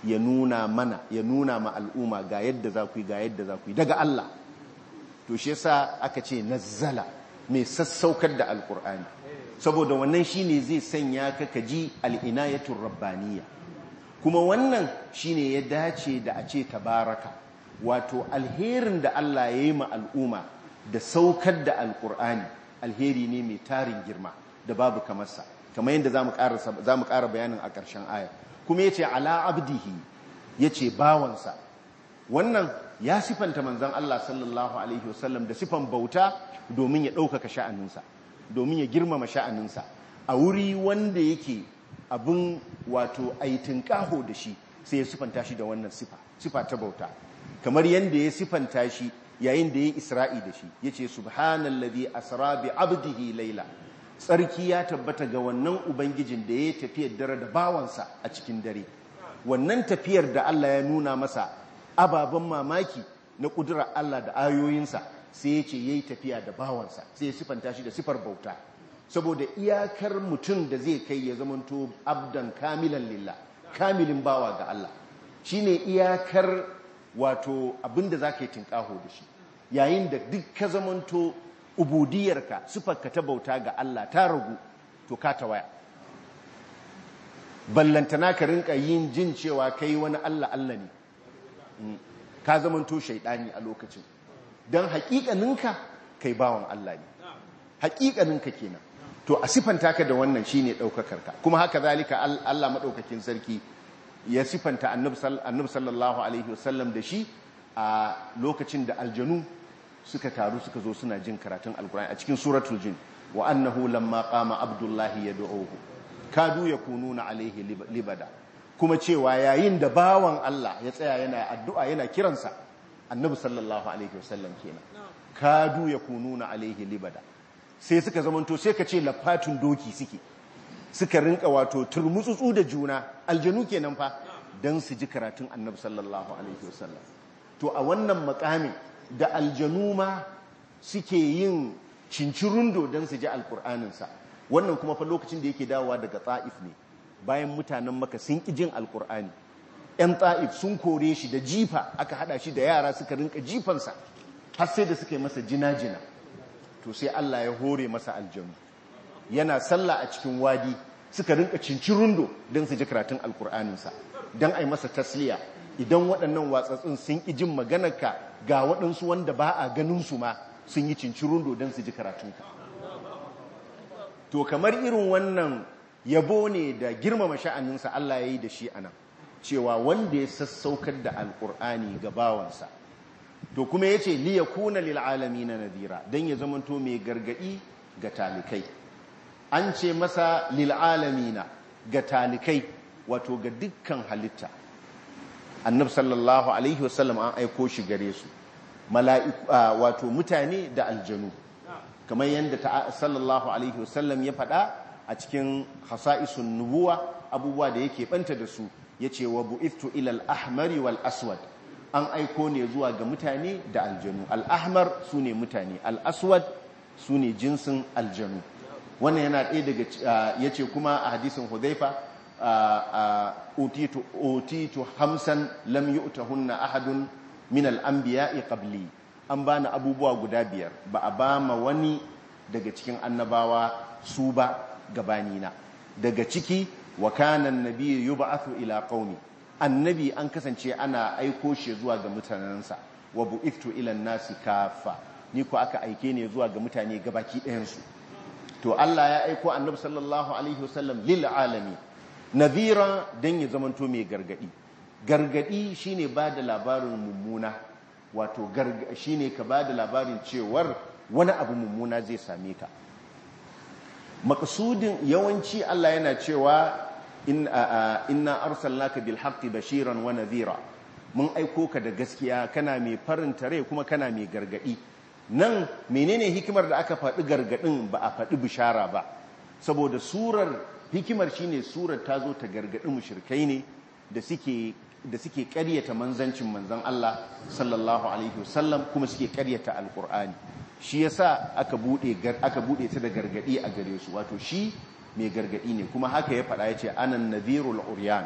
ya nuna mana ya nuna ma al'umma ga yadda za ku yi ga yadda za ku yi daga Allah to shi yasa aka ce nazzala mai sassaukar da alkur'ani saboda wannan shine zai sanya ka kaji al'inayatul rabbaniya kuma wannan shine ya dace da a ce tabaraka wato alherin da Allah ya yi ma al'umma da saukar da alkur'ani alheri ne mai tarin girma da babu kamarsa kamar yadda za mu ƙara bayanin a ƙarshen aya kuma ya ce ala abdihi ya ce bawansa wannan ya sifanta manzan Allah sallallahu alaihi wasallam da sifan bauta domin ya ɗaukaka sha'aninsa domin ya girmama sha'aninsa a wuri wanda yake abin wato aitin kaho da shi sai ya sifanta shi da wannan sifa sifa ta bauta kamar yadda ya sifanta shi yayin da ya isra'i da shi ya ce subhanallazi asra bi abdihi laila tsarki ya tabbata ga wannan ubangijin da ya tafiyar dare da bawansa a cikin dare wannan tafiyar da Allah ya nuna masa ababen mamaki na ƙudurar Allah da ayoyinsa sai ya ce ya yi tafiya da bawansa sai ya sifanta shi da sifar bauta saboda iyakar mutum da zai kai ya zamanto abdan kamilan lilla kamilin bawa ga Allah shi ne iyakar wato abinda za ka yi tinkaho da shi yayin da duk ka zamanto ubudiyarka ka ta bauta ga Allah ta ragu to ka ta waya ballantana ka rinka yin jin cewa kai wani Allah Allah ne ka zamanto shaidani a lokacin don haƙiƙaninka kai bawan Allah ne haƙiƙaninka kenan to a sifanta ka da wannan shine ɗaukakarka ka kuma haka zalika Allah maɗaukakin sarki ya sifanta annab sallallahu alaihi wasallam da shi a lokacin da aljanu suka taru suka zo suna jin karatun alkur'ani a cikin suratul jin wa annahu lamma qama abdullahi yad'uhu kadu yakununa alaihi libada kuma cewa yayin da bawan Allah ya tsaya yana addu'a yana kiransa annabi sallallahu alaihi wasallam kenan kadu ya kununa alaihi libada sai suka zamanto sai ka ce lafatun doki suke suka rinka wato turmutsutsu da juna aljanu kenan fa don su ji karatun annabi sallallahu alaihi wasallam to a wannan makamin da aljanu ma suke yin cincirundo don su ji alkur'aninsa wannan kuma fa lokacin da yake dawowa daga ta'if ne bayan mutanen maka sun ƙi jin Alƙur'ani yan ta'if sun kore shi da jifa aka haɗa shi da yara suka rinka jifansa har sai da suka yi masa jina-jina to sai Allah ya hore masa aljanu yana sallah a cikin wadi suka rinka rundo don su ji karatun alkur'aninsa don a yi masa tasliya idan waɗannan watsatsun sun ƙi jin maganarka ga waɗansu wanda ba a ganin su ma sun yi cincin rundo don su ji karatunka to kamar irin wannan yabo ne da girmama sha'aninsa Allah ya yi da shi anan cewa wanda ya sassaukar da alkur'ani ga bawansa to kuma ya ce liya kuna lil'alami na nadira don ya zamanto mai gargaɗi ga talikai an ce masa lil'alami na ga talikai wato ga dukkan halitta annab sallallahu alaihi wasallam an aiko shi gare su wato mutane da aljanu kamar yadda sallallahu alaihi wasallam ya faɗa a cikin hasa'isun nubuwa abubuwa da yake banta da su yace wa bu'iftu ila ahmari wal aswad an aiko ne zuwa ga mutane da aljanu al su ne mutane al-aswad ne jinsin aljanu wannan yana ɗaya daga ya ce kuma a hadisin hudaifa a otitu hamsan lam hunna ahadun min al'ambiya ya qabli an bani abubuwa guda biyar ba a ba ma wani daga cikin annabawa su ba gabanina daga ciki wa kana annabiyyu yub'athu ila qaumi annabi an kasance ana aiko shi zuwa ga mutanensa wa iftu ila nasi kafa ni ko aka aike ne zuwa ga mutane gabaki ɗayansu to Allah ya aiko annabi sallallahu alaihi wasallam lil alami nadhira dan ya zamanto mai gargadi gargadi shine ba da labarin mummuna wato shine ka ba da labarin cewar wani abu mummuna zai same ka makasudin yawanci Allah yana cewa inna arsalnaka bil haqqi bashiran wa nadhira mun aiko ka da gaskiya kana mai farinta rai kuma kana mai gargadi nan menene hikimar da aka faɗi gargadin ba a faɗi bishara ba saboda surar hikimar shine surar ta zo ta gargadi mushrikai ne da suke da suke ƙaryata manzancin manzon Allah sallallahu alaihi wasallam kuma suke ƙaryata alqur'ani shi ya sa aka bude ta da gargaɗi a gare su wato shi mai gargaɗi ne kuma haka ya faɗa yace anan nadhirul uryan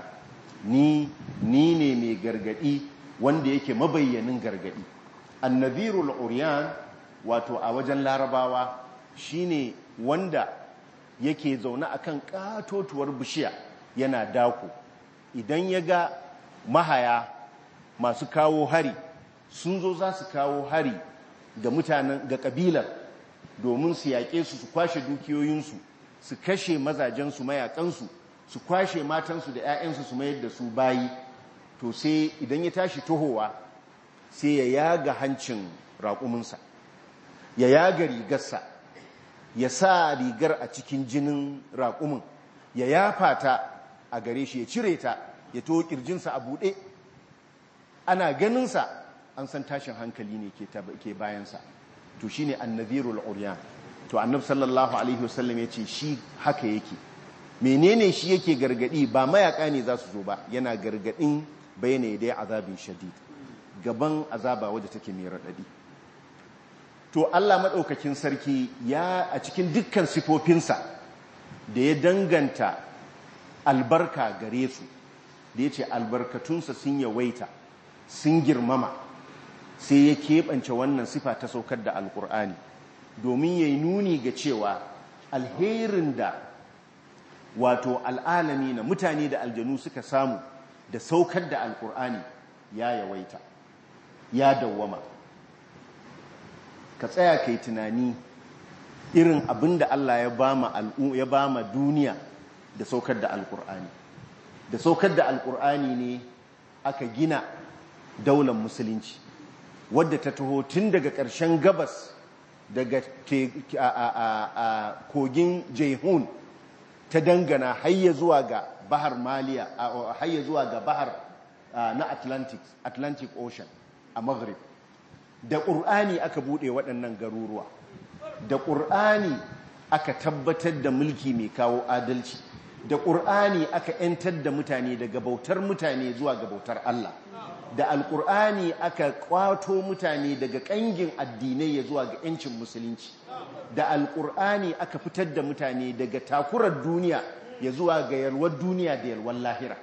ni ni ne mai gargaɗi wanda yake mabayyanin gargadi annadhirul la'uriyan wato a wajen larabawa shi ne wanda yake zaune a kan ƙatotuwar bishiya yana dako idan ya ga mahaya masu kawo hari sun zo za su kawo hari ga mutanen ga kabilar domin su yaƙe su su kwashe dukiyoyinsu su kashe mazajensu mayaƙansu su kwashe matansu da 'ya'yansu su mayar da su bayi to sai idan ya tashi tohowa sai ya yaga hancin raƙuminsa ya yaga rigarsa ya sa rigar a cikin jinin raƙumin ya yafa ta a gare shi ya cire ta ya to ƙirjinsa a buɗe ana ganinsa an san tashin hankali ne ke bayansa to shine annadhirul uryan to annab sallallahu alaihi wasallam ya ce shi haka yake menene shi yake gargadi ba mayaka ne za su zo ba yana gargadin bayanai dai azabin shadid gaban azaba wadda take mai raɗaɗi to Allah maɗaukakin sarki ya a cikin dukkan sifofinsa da ya danganta albarka gare su da ya ce albarkatunsa sun yawaita sun girmama sai ya keɓance wannan sifa ta saukar da Alƙur'ani domin ya nuni ga cewa alherin da wato al'alami na mutane da aljanu suka samu da saukar da Alƙur'ani ya yawaita ya dawwama ka tsaya kai tunani irin abin da Allah ya ba ma duniya da saukar da Alƙur'ani. da saukar da Alƙur'ani ne aka gina daular musulunci wadda ta taho tun daga ƙarshen gabas daga kogin jehun ta dangana hayya zuwa ga bahar maliya hayya zuwa ga bahar na atlantic atlantic ocean a maghrib da ƙur'ani aka buɗe waɗannan garuruwa da ƙur'ani aka tabbatar da mulki mai kawo adalci da ƙur'ani aka 'yantar da mutane daga bautar mutane zuwa ga bautar allah da alkur'ani aka kwato mutane daga ƙangin addinai ya zuwa ga 'yancin musulunci da alkur'ani aka fitar da mutane daga takurar duniya ya zuwa ga yalwar duniya da yalwar lahira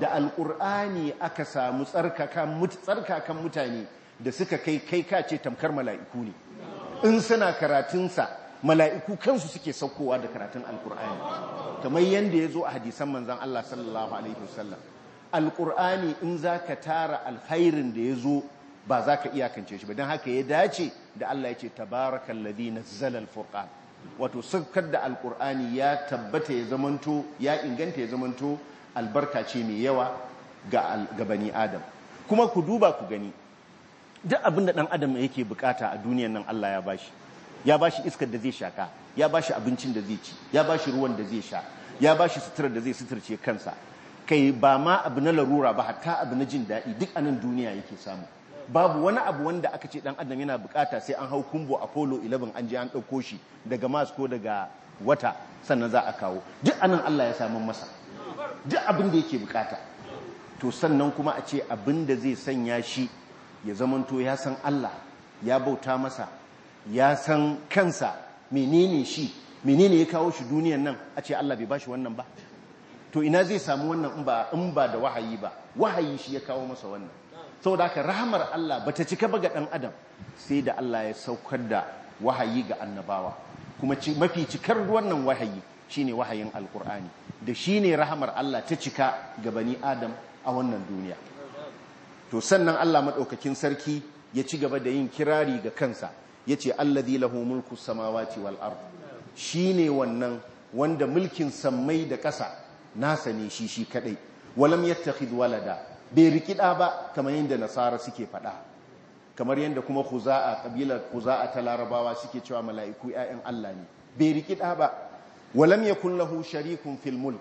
da alkur'ani aka samu tsarkakan mutane da suka kai kai kace tamkar mala'iku ne in suna karatunsa mala'iku kansu suke saukowa da karatun alkur'ani kamar yadda ya zo a hadisan manzan Allah sallallahu alaihi wasallam Alƙur'ani in za ka tara alkhairin da ya zo ba za ka iyakance shi ba don haka ya dace da Allah ya ce tabarakan ladina zalal furqan wato saukar da Alƙur'ani ya tabbata ya zamanto ya inganta ya zamanto albarka ce mai yawa ga bani adam kuma ku duba ku gani duk abin da ɗan adam yake bukata a duniyan nan Allah ya bashi ya bashi iskar da zai shaka ya bashi abincin da zai ci ya bashi ruwan da zai sha ya bashi suturar da zai suturce kansa kai ba ma abu na larura ba hatta abu na jin daɗi duk anan duniya yake samu babu wani abu wanda aka ce dan adam yana bukata sai an hau kumbo apollo 11 an je an ɗauko shi daga mars ko daga wata sannan za a kawo duk anan allah ya samu masa duk abin da yake bukata to sannan kuma a ce abin da zai sanya shi ya zamanto ya san allah ya bauta masa ya san kansa menene shi menene ya kawo shi duniyan nan a ce allah bai bashi wannan ba to ina zai samu wannan in ba in ba da wahayi ba wahayi shi ya kawo masa wannan saboda haka rahamar Allah ba ta cika ba ga ɗan adam sai da Allah ya saukar da wahayi ga annabawa kuma mafi cikar wannan wahayi shine wahayin alkur'ani da shi ne rahamar Allah ta cika ga bani adam a wannan duniya to sannan Allah madaukakin sarki ya ci gaba da yin kirari ga kansa ya ce allazi lahu mulku samawati wal ard shine wannan wanda mulkin sammai da ƙasa nasa ne shi shi kadai walam yattakhidh walada bai rikida ba kamar yadda nasara suke faɗa kamar yadda kuma khuza'a kabilar khuza'a ta larabawa suke cewa mala'iku yayan Allah ne bai rikida ba walam yakun lahu sharikun fil mulk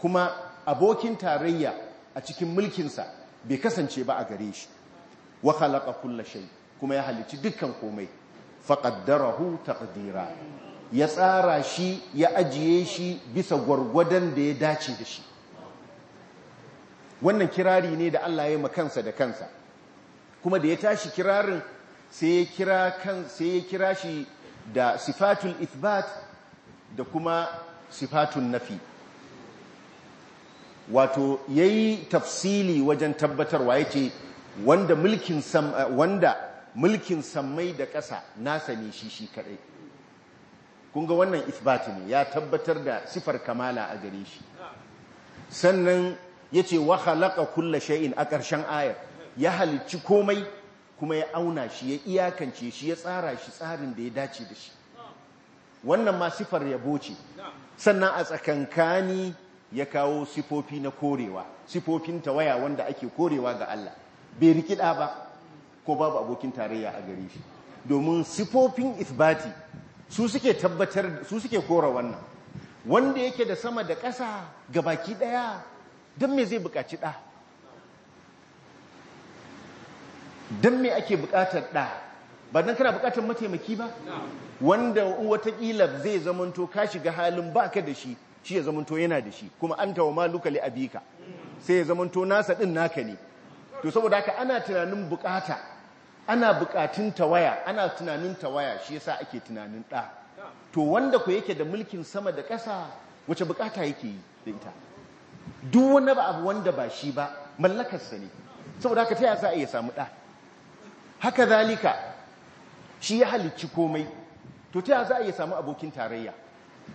kuma abokin tarayya a cikin mulkinsa bai kasance ba a gare shi wa khalaqa kulla shay kuma ya halicci dukkan komai faqaddarahu taqdira ya tsara shi ya ajiye shi bisa gwargwadon da ya dace da shi wannan kirari ne da Allah ya yi kansa da kansa kuma da ya tashi kirarin sai ya kira kan sai ya kira shi da sifatul ithbat da kuma sifatun nafi wato yayi tafsili wajen tabbatarwa yace wanda mulkin sam wanda mulkin sammai da ƙasa nasa ne shi shi kadai kun ga wannan isbati ne ya tabbatar da sifar kamala a gare shi sannan ya ce wa halaka kulla sha'in a ƙarshen ayar ya halicci komai kuma ya auna shi ya iyakance shi ya tsara shi tsarin da ya dace da shi wannan ma sifar yabo ce sannan a tsakankani ya kawo sifofi na korewa sifofin tawaya wanda ake korewa ga Allah bai rikida ba ko babu abokin tarayya a gare shi domin sifofin isbati su suke tabbatar su suke kora wannan wanda yake da sama da ƙasa ga baki ɗaya don me zai buƙaci ɗa don me ake buƙatar ɗa ba don kana buƙatar mataimaki ba wanda watakila zai zamanto ka shiga halin baka da shi shi ya zamanto yana da shi kuma an tawa maluka li abika sai ya zamanto nasa ɗin naka ne to saboda haka ana tunanin buƙata ana bukatun tawaya ana tunanin tawaya shi yasa ake tunanin ɗa to wanda ku yake da mulkin sama da ƙasa wace bukata yake yi da ita duk wani abu wanda ba shi ba mallakarsa ne saboda haka ta za a iya samu ɗa haka zalika shi ya halicci komai to ta za a iya samu abokin tarayya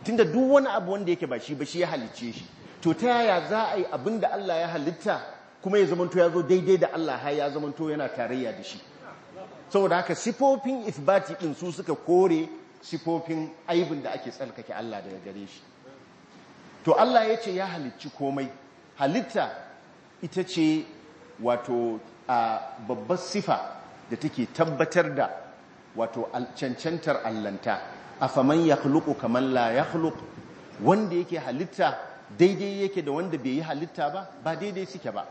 tunda duk wani abu wanda yake ba shi ba shi ya halicce shi to ta yaya za a yi abin da Allah ya halitta kuma ya zamanto ya zo daidai da Allah ya zamanto yana tarayya da shi saboda haka sifofin isbati din su suka kore sifofin aibin da ake tsarkake Allah daga gare shi to Allah ya ce ya halicci komai halitta ita ce wato a babbar sifa da take tabbatar da wato cancantar allanta afaman yakhluqu kamar la yakhluq wanda yake halitta daidai yake da wanda bai yi halitta ba ba daidai suke ba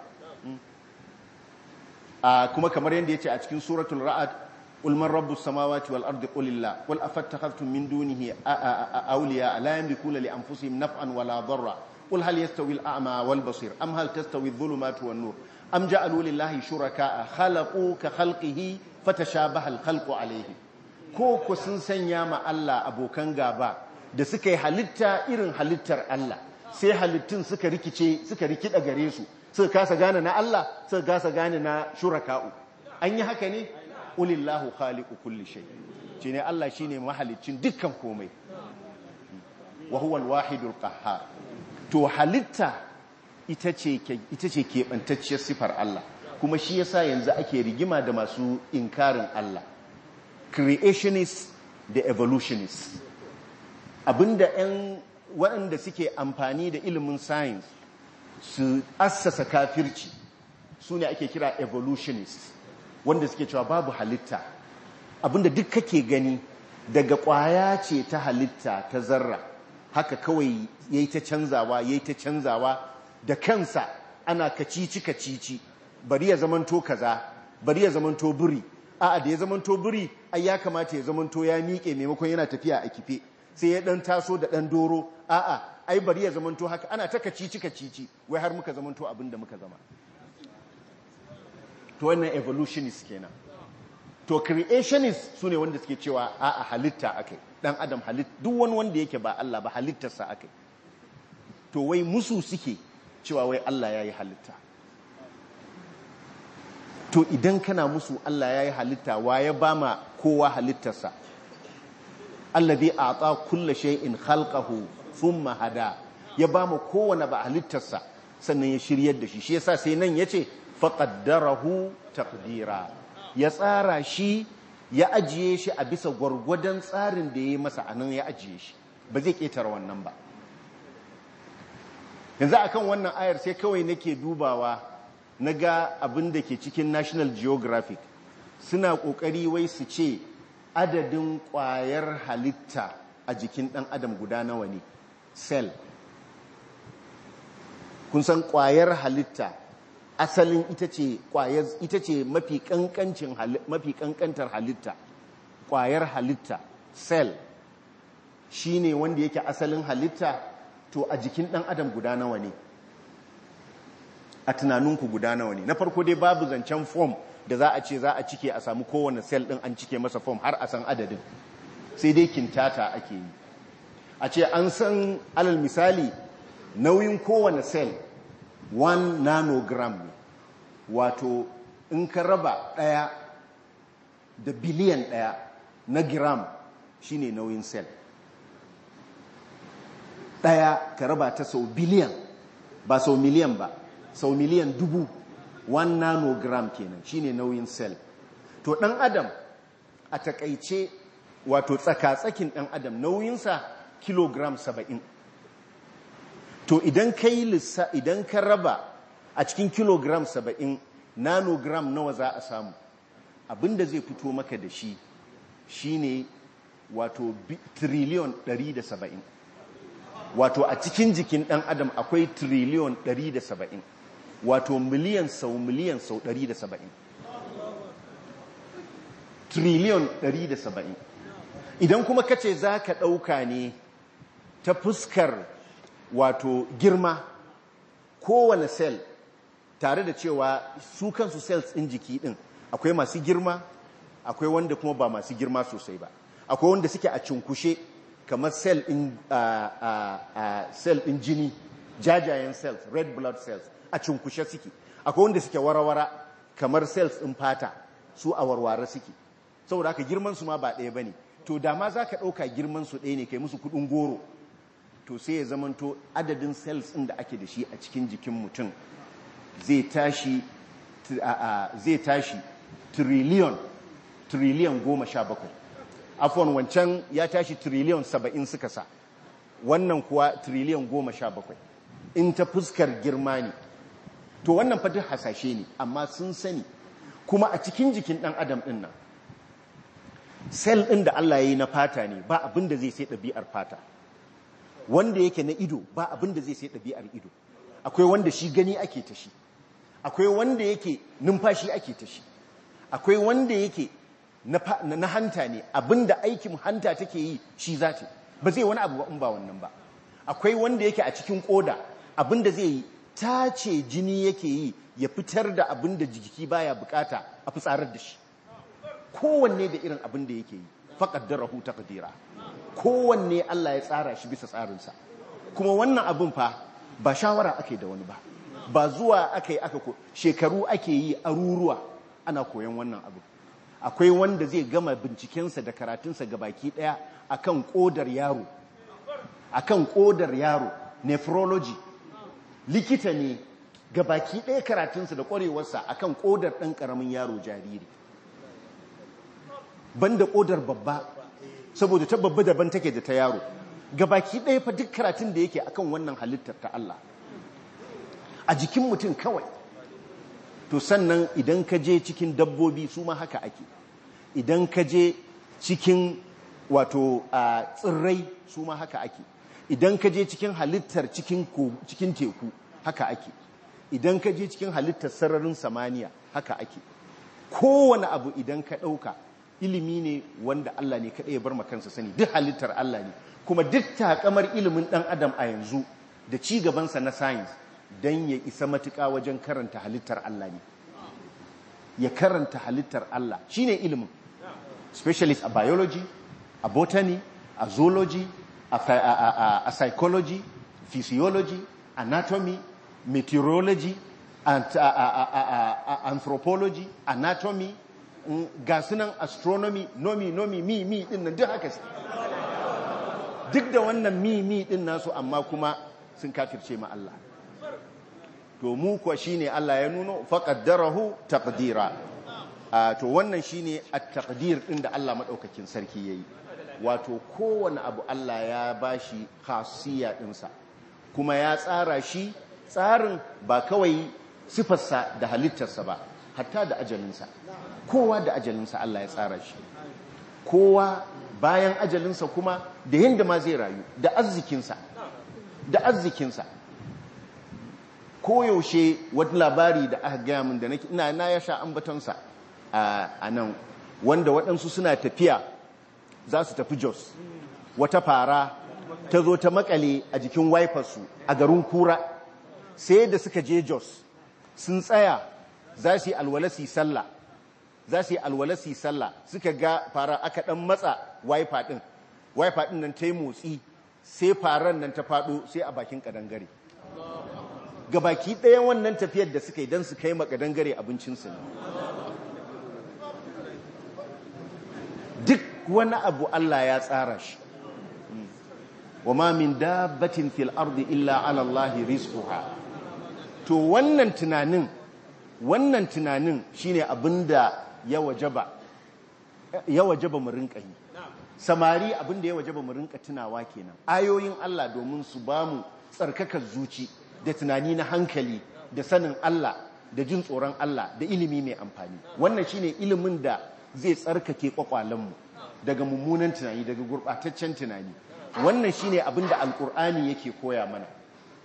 kuma kamar yadda ya ce a cikin suratul ra'ad ulman rabbus samawati wal ardi a qul afattakhadtum min dunihi awliya la yamlikuna li anfusihim naf'an wala darra qul hal yastawi al a'ma wal basir am hal tastawi adh-dhulumatu wan nur am ja'alu lillahi shuraka'a khalaqu ka khalqihi fatashabaha al khalqu alayhi ko ku sun sanya ma Allah abokan gaba da suka yi halitta irin halittar Allah sai halittun suka rikice suka rikida gare su suka kasa gane na Allah suka kasa gane na shuraka'u an yi haka ne ulillahu khaliqu kulli shay ne Allah shine mahalicin dukkan komai wa huwa wahidul qahhar to halitta ita ce ita ce kebantacciyar sifar Allah kuma shi yasa yanzu ake rigima da masu inkarin Allah creationists da evolutionists abinda 'yan waɗanda suke amfani da ilimin science su assasa kafirci su ne ake kira evolutionist wanda suke cewa babu halitta abinda duk kake gani daga ƙwaya ce ta halitta ta zarra haka kawai ya yi ta canzawa ya yi ta canzawa da kansa ana kacici kacici bari ya zamanto kaza bari ya zamanto buri a'a da ya zamanto buri ai ya kamata ya zamanto ya miƙe maimakon yana tafiya a kife sai ya dan taso da dan doro a'a ai bari ya zamanto haka ana ta kacici kacici wai har muka zamanto abin da muka zama to wannan evolutionist kenan to creationist sune wanda suke cewa a'a halitta akai dan adam halitta duk wani wanda yake ba Allah ba halittarsa akai to wai musu suke cewa wai Allah ya yi halitta to idan kana musu Allah ya yi halitta wa ya ba ma kowa halittarsa alladhi a'ta kulli shay'in khalqahu thumma hada ya ba mu kowane ba halittarsa sannan ya shiryar da shi shi yasa sai nan yace faqaddarahu taqdira ya tsara shi ya ajiye shi a bisa gwargwadon tsarin da ya yi masa anan ya ajiye shi ba zai ketara wannan ba yanzu akan wannan ayar sai kawai nake dubawa na ga abin da ke cikin national geographic suna kokari wai su ce adadin kwayar halitta a jikin ɗan adam guda nawa ne cell kun san kwayar halitta asalin ita ce ita ce mafi kankancin kankantar halitta ƙwayar halitta cell shine wanda yake asalin halitta to a jikin ɗan adam guda nawa ne a tunaninku guda nawa ne na farko dai babu zancen fom da za a ce za a cike a samu kowane sel din an cike masa fom har a san adadin sai dai kintata ake yi a ce an san alal misali nauyin kowane cell 1 nanogram ne wato in ka raba daya da biliyan daya na gram shine nauyin sel daya ka raba ta sau biliyan ba sau miliyan ba sau miliyan dubu 1 nanogram kenan shine nauyin cell to dan adam a takaice wato tsakatsakin dan adam nauyinsa kilogram 70 to idan ka yi lissa idan ka raba a cikin kilogram 70 nanogram nawa za a samu abinda zai fito maka da shi shine wato trillion 170 wato a cikin jikin dan adam akwai triliyon 170 wato miliyan sau miliyan sau 170 triliyon 170 idan kuma kace za ka ɗauka ne ta fuskar wato girma kowane sel tare da cewa su kansu sels ɗin jiki ɗin akwai masu girma akwai wanda kuma ba masu girma sosai ba akwai wanda suke a cunkushe kamar sel ɗin jini jajayen sel red blood cells a cunkushe suke akwai wanda suke warawara kamar cells in fata su a warware suke saboda haka girman su ma ba ɗaya bane to dama ma ka ɗauka girman su ɗaya ne kai musu kuɗin goro to sai ya zamanto adadin cells ɗin da ake da shi a cikin jikin mutum zai tashi zai goma sha bakwai afon wancan ya tashi trillion saba'in suka sa wannan kuwa trillion goma sha bakwai in ta fuskar girma ne to wannan fa duk hasashe ne amma sun sani kuma a cikin jikin dan adam din nan sel din da Allah ya yi na fata ne ba abin da zai sai ɗabi'ar fata wanda yake na ido ba abin da zai sai ɗabi'ar ido akwai wanda shi gani ake ta shi akwai wanda yake numfashi ake ta shi akwai wanda yake na hanta ne abin da aikin hanta take yi shi za ta ba zai wani abu ba in ba wannan ba akwai wanda yake a cikin koda abin da zai yi tace jini yake yi ya fitar da abin da jiki baya bukata a fitsarar da shi kowanne da irin abin da yake yi ta ƙadira kowanne Allah ya tsara shi bisa tsarinsa kuma wannan abin fa ba shawara ake da wani ba ba zuwa aka yi aka ko shekaru ake yi a ruruwa ana koyon wannan abin akwai wanda zai gama bincikensa da karatunsa ga baki daya akan kodar yaro akan kodar yaro nephrology likita ne ga baki ɗaya karatunsa da ƙwarewarsa kan ƙodar ɗan ƙaramin yaro jariri banda ƙodar babba saboda ta babba daban take da ta yaro ga baki ɗaya fa duk karatun da yake akan wannan halittar ta Allah a jikin mutum kawai to sannan idan ka je cikin dabbobi su ma haka ake idan ka je cikin wato a tsirrai su ma haka ake idan ka je cikin halittar cikin teku haka ake idan ka je cikin halittar sararin samaniya haka ake kowane abu idan ka ɗauka ilimi ne wanda Allah ne kaɗai ya bar makansa sani duk halittar Allah ne kuma duk takamar ilimin ɗan adam a yanzu da ci gabansa na science don ya isa matuka wajen karanta halittar Allah ne ya karanta halittar Allah shine ilimin specialist a biology a botany a zoology a, a, a psychology, physiology, anatomy, meteorology, and, anthropology, anatomy, mm, gasunan astronomy nomi nomi mi mi din nan duk haka su duk da wannan mi mi din nasu amma kuma sun kafirce ma Allah to mu kuwa ne Allah ya nuno faƙaddarahu taƙadira. Ah, to wannan shi ne a taƙadir din da Allah maɗaukakin sarki ya yi. wato kowane abu Allah ya ba shi khasiyya ɗinsa kuma ya tsara shi tsarin ba kawai sifarsa da halittarsa ba hatta da ajalinsa kowa da ajalinsa Allah ya tsara shi kowa bayan ajalinsa kuma da yadda ma zai rayu da arzikinsa da arzikinsa koyaushe wani labari da aka gaya min da na na ya sha ambatonsa a nan wanda waɗansu suna tafiya za su tafi jos wata fara ta zo ta makale a jikin waifarsu a garin kura sai da suka je jos sun tsaya za su yi alwalasi sallah za su yi alwalasi sallah suka ga fara aka dan matsa waifa din waifa din nan ta yi motsi sai faran nan ta fado sai a bakin kadangare ga baki ɗayan wannan tafiyar da suka yi don su kai makadangare abincinsu ne duk wani abu Allah ya tsara shi wa ma min dabbatin fil ardi illa ala Allah rizquha to wannan tunanin wannan tunanin shine abinda ya wajaba ya wajaba mu rinka yi samari abinda ya wajaba mu rinka tunawa kenan ayoyin Allah domin su bamu tsarkakar zuci da tunani na hankali da sanin Allah da jin tsoron Allah da ilimi mai amfani wannan shine ilimin da zai tsarkake mu. daga mummunan tunani daga gurbataccen tunani wannan shine abin da alkur'ani yake koya mana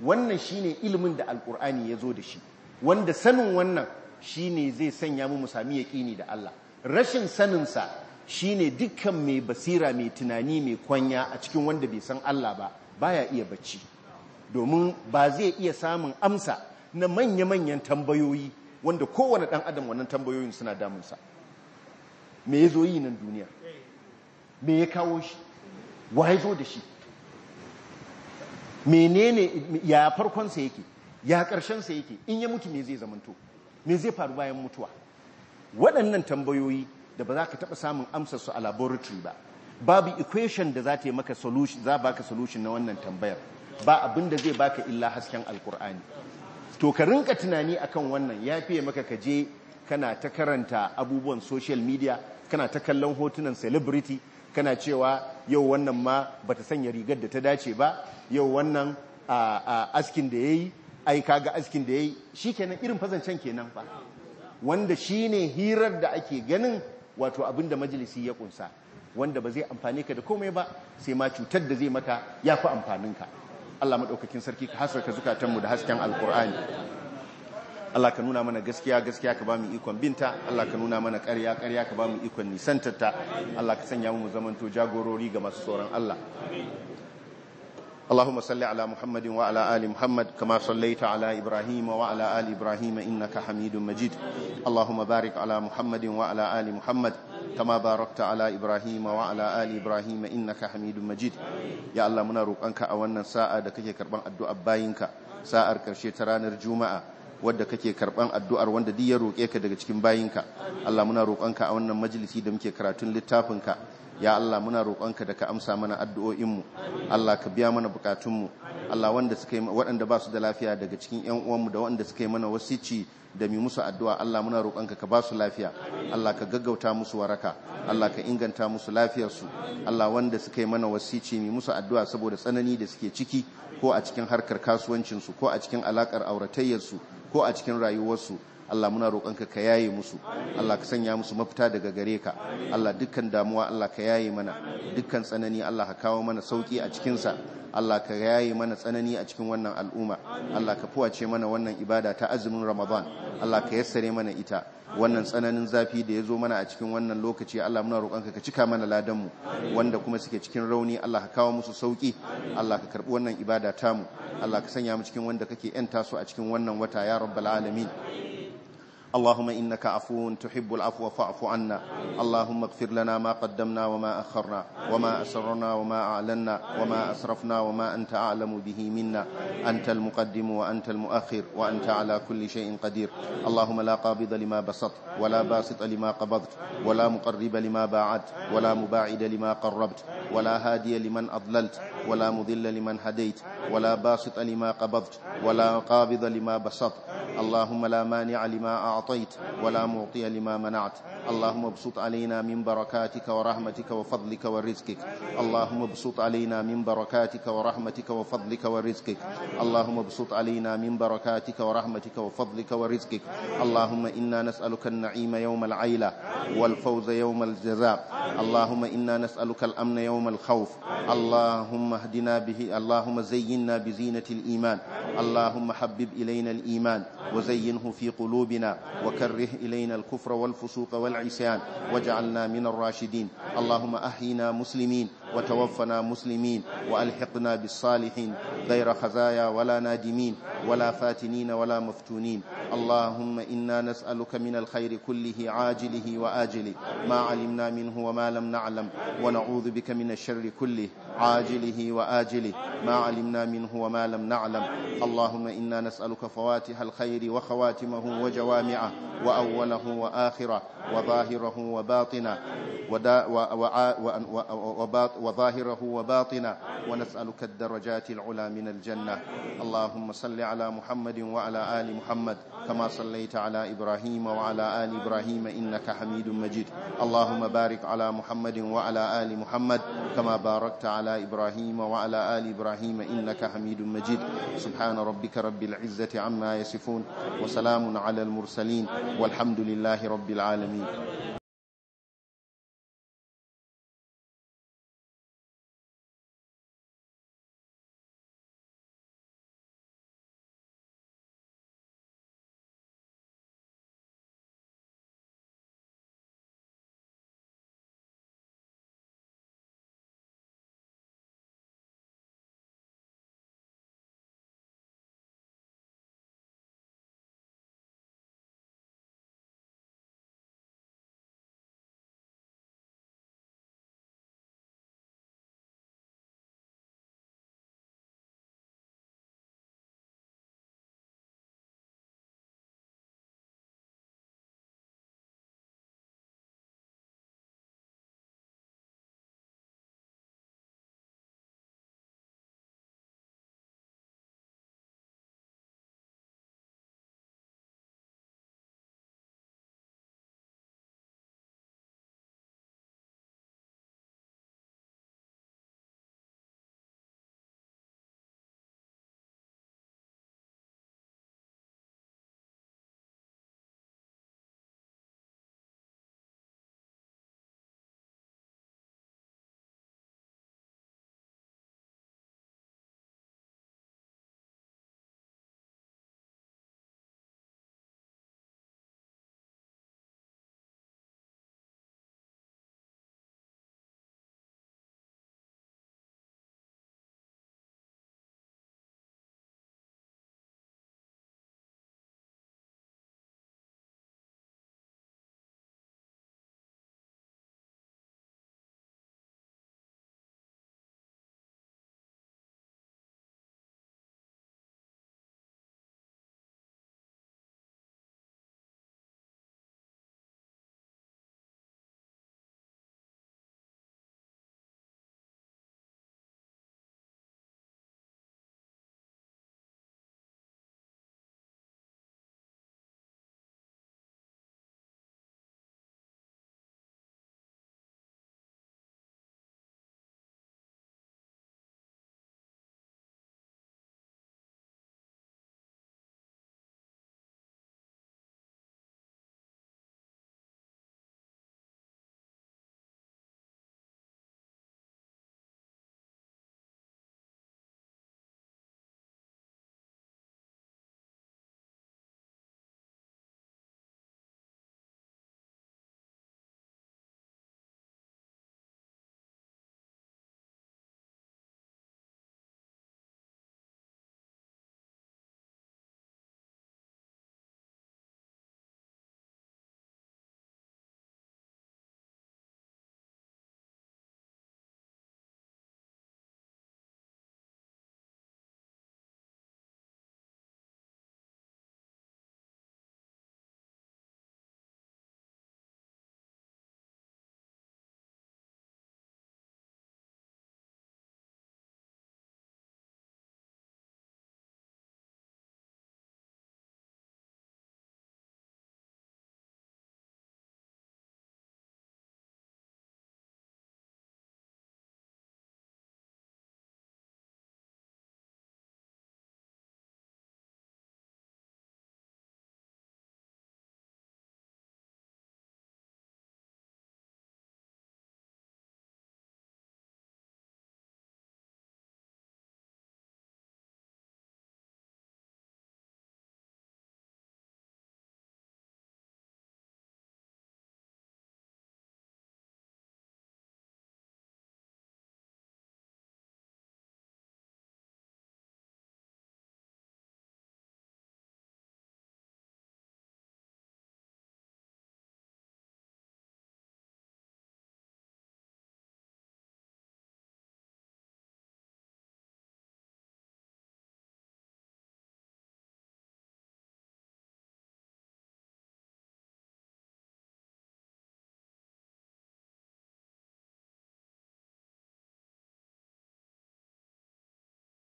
wannan shine ilimin da alkur'ani ya zo da shi wanda sanin wannan shine zai sanya mu mu sami yaƙini da Allah rashin sanin sa shine dukkan mai basira mai tunani mai kwanya a cikin wanda bai san Allah ba baya iya bacci domin ba zai iya samun amsa na manya-manyan tambayoyi wanda kowane dan adam wannan tambayoyin suna damunsa me yazo yi nan duniya me ya kawo shi wa ya zo da shi menene ya farkonsa yake ya ƙarshensa yake in ya mutu me zai zamanto me zai faru bayan mutuwa waɗannan tambayoyi da ba za ka taɓa samun amsar su a laboratory ba babu equation da za ta yi maka solution za baka solution na wannan tambayar ba abin da zai baka illa hasken alkur'ani to ka rinka tunani akan wannan ya fiye maka ka je kana ta karanta abubuwan social media kana ta kallon hotunan celebrity kana cewa yau wannan ma bata sanya rigar da ta dace ba yau wannan askin da ya yayi ai kaga askin da ya yayi kenan irin fazancen kenan fa wanda shi ne hirar da ake ganin wato abinda majalisi ya kunsa wanda ba zai amfani ka da komai ba sai ma cutar da zai maka amfanin amfaninka Allah maɗaukakin sarki ka hasarka zukatanmu da hasken alkur'ani Allah ka nuna mana gaskiya gaskiya ka ba mu ikon binta Allah ka nuna mana ƙarya ƙarya ka ba mu ikon nisantarta Allah ka sanya mu zamanto jagorori ga masu tsoron Allah Allahumma salli ala Muhammadin wa ala ali Muhammad kama sallaita ala Ibrahim wa ala ali Ibrahim innaka Hamidum Majid Allahumma barik ala Muhammadin wa ala ali Muhammad kama barakta ala Ibrahim wa ala ali Ibrahim innaka Hamidum Majid ya Allah muna roƙonka a wannan sa'a da kake karban addu'a bayinka sa'ar karshe ta ranar Juma'a wadda kake karban addu'ar wanda duk ya roƙe ka daga cikin bayinka Allah muna roƙonka a wannan majalisi da muke karatun littafinka ya Allah muna roƙonka da ka amsa mana addu'o'inmu Allah ka biya mana bukatunmu Allah wanda suka waɗanda ba su da lafiya daga cikin ƴan uwanmu da waɗanda suka yi mana wasici da mi musu addu'a Allah muna roƙonka ka ba su lafiya Allah ka gaggauta musu waraka Allah ka inganta musu lafiyarsu Allah wanda suka yi mana wasici mi musu addu'a saboda tsanani da suke ciki ko a cikin harkar kasuwancinsu ko a cikin alaƙar auratayyarsu ko a cikin rayuwarsu Allah muna roƙonka ka yaye musu Allah ka sanya musu mafita daga gare ka Allah dukkan damuwa Allah ka yaye mana dukkan tsanani Allah ka kawo mana sauki a cikinsa Allah ka yaye mana tsanani a cikin wannan al'umma Allah ka fuwace mana wannan ibada ta azumin Ramadan Allah ka yassare mana ita wannan tsananin zafi da ya zo mana a cikin wannan lokaci Allah muna roƙonka ka cika mana ladanmu wanda kuma suke cikin rauni Allah ka kawo musu sauki Allah ka karɓi wannan ibada tamu Allah ka sanya mu cikin wanda kake yanta su a cikin wannan wata ya rabbal alamin اللهم إنك عفو تحب العفو فاعف عنا اللهم اغفر لنا ما قدمنا وما أخرنا وما أسررنا وما أعلنا وما أسرفنا وما أنت أعلم به منا أنت المقدم وأنت المؤخر وأنت على كل شيء قدير اللهم لا قابض لما بسط ولا باسط لما قبضت ولا مقرب لما باعدت ولا مباعد لما قربت ولا هادي لمن أضللت ولا مذل لمن هديت ولا باسط لما قبضت ولا قابض لما بسط اللهم لا مانع لما أعطيت أعطيت ولا معطي لما منعت اللهم ابسط علينا من بركاتك ورحمتك وفضلك ورزقك اللهم ابسط علينا من بركاتك ورحمتك وفضلك ورزقك اللهم ابسط علينا من بركاتك ورحمتك وفضلك ورزقك اللهم إنا نسألك النعيم يوم العيلة والفوز يوم الجزاء اللهم إنا نسألك الأمن يوم الخوف اللهم اهدنا به اللهم زينا بزينة الإيمان اللهم حبب إلينا الإيمان وزينه في قلوبنا وكره إلينا الكفر والفسوق والعصيان واجعلنا من الراشدين اللهم أحينا مسلمين وتوفنا مسلمين وألحقنا بالصالحين غير خزايا ولا نادمين ولا فاتنين ولا مفتونين اللهم إنا نسألك من الخير كله عاجله وآجله ما علمنا منه وما لم نعلم ونعوذ بك من الشر كله عاجله وآجله ما علمنا منه وما لم نعلم اللهم إنا نسألك فواتح الخير وخواتمه وجوامعه وأوله وآخره وظاهره وباطنه وظاهره وباطنه ونسألك الدرجات العلى من الجنة اللهم صل على محمد وعلى آل محمد كما صليت على إبراهيم وعلى آل إبراهيم إنك حميد مجيد اللهم بارك على محمد وعلى آل محمد كما باركت على إبراهيم وعلى آل إبراهيم إنك حميد مجيد سبحان ربك رب العزة عما يصفون وسلام على المرسلين والحمد لله رب العالمين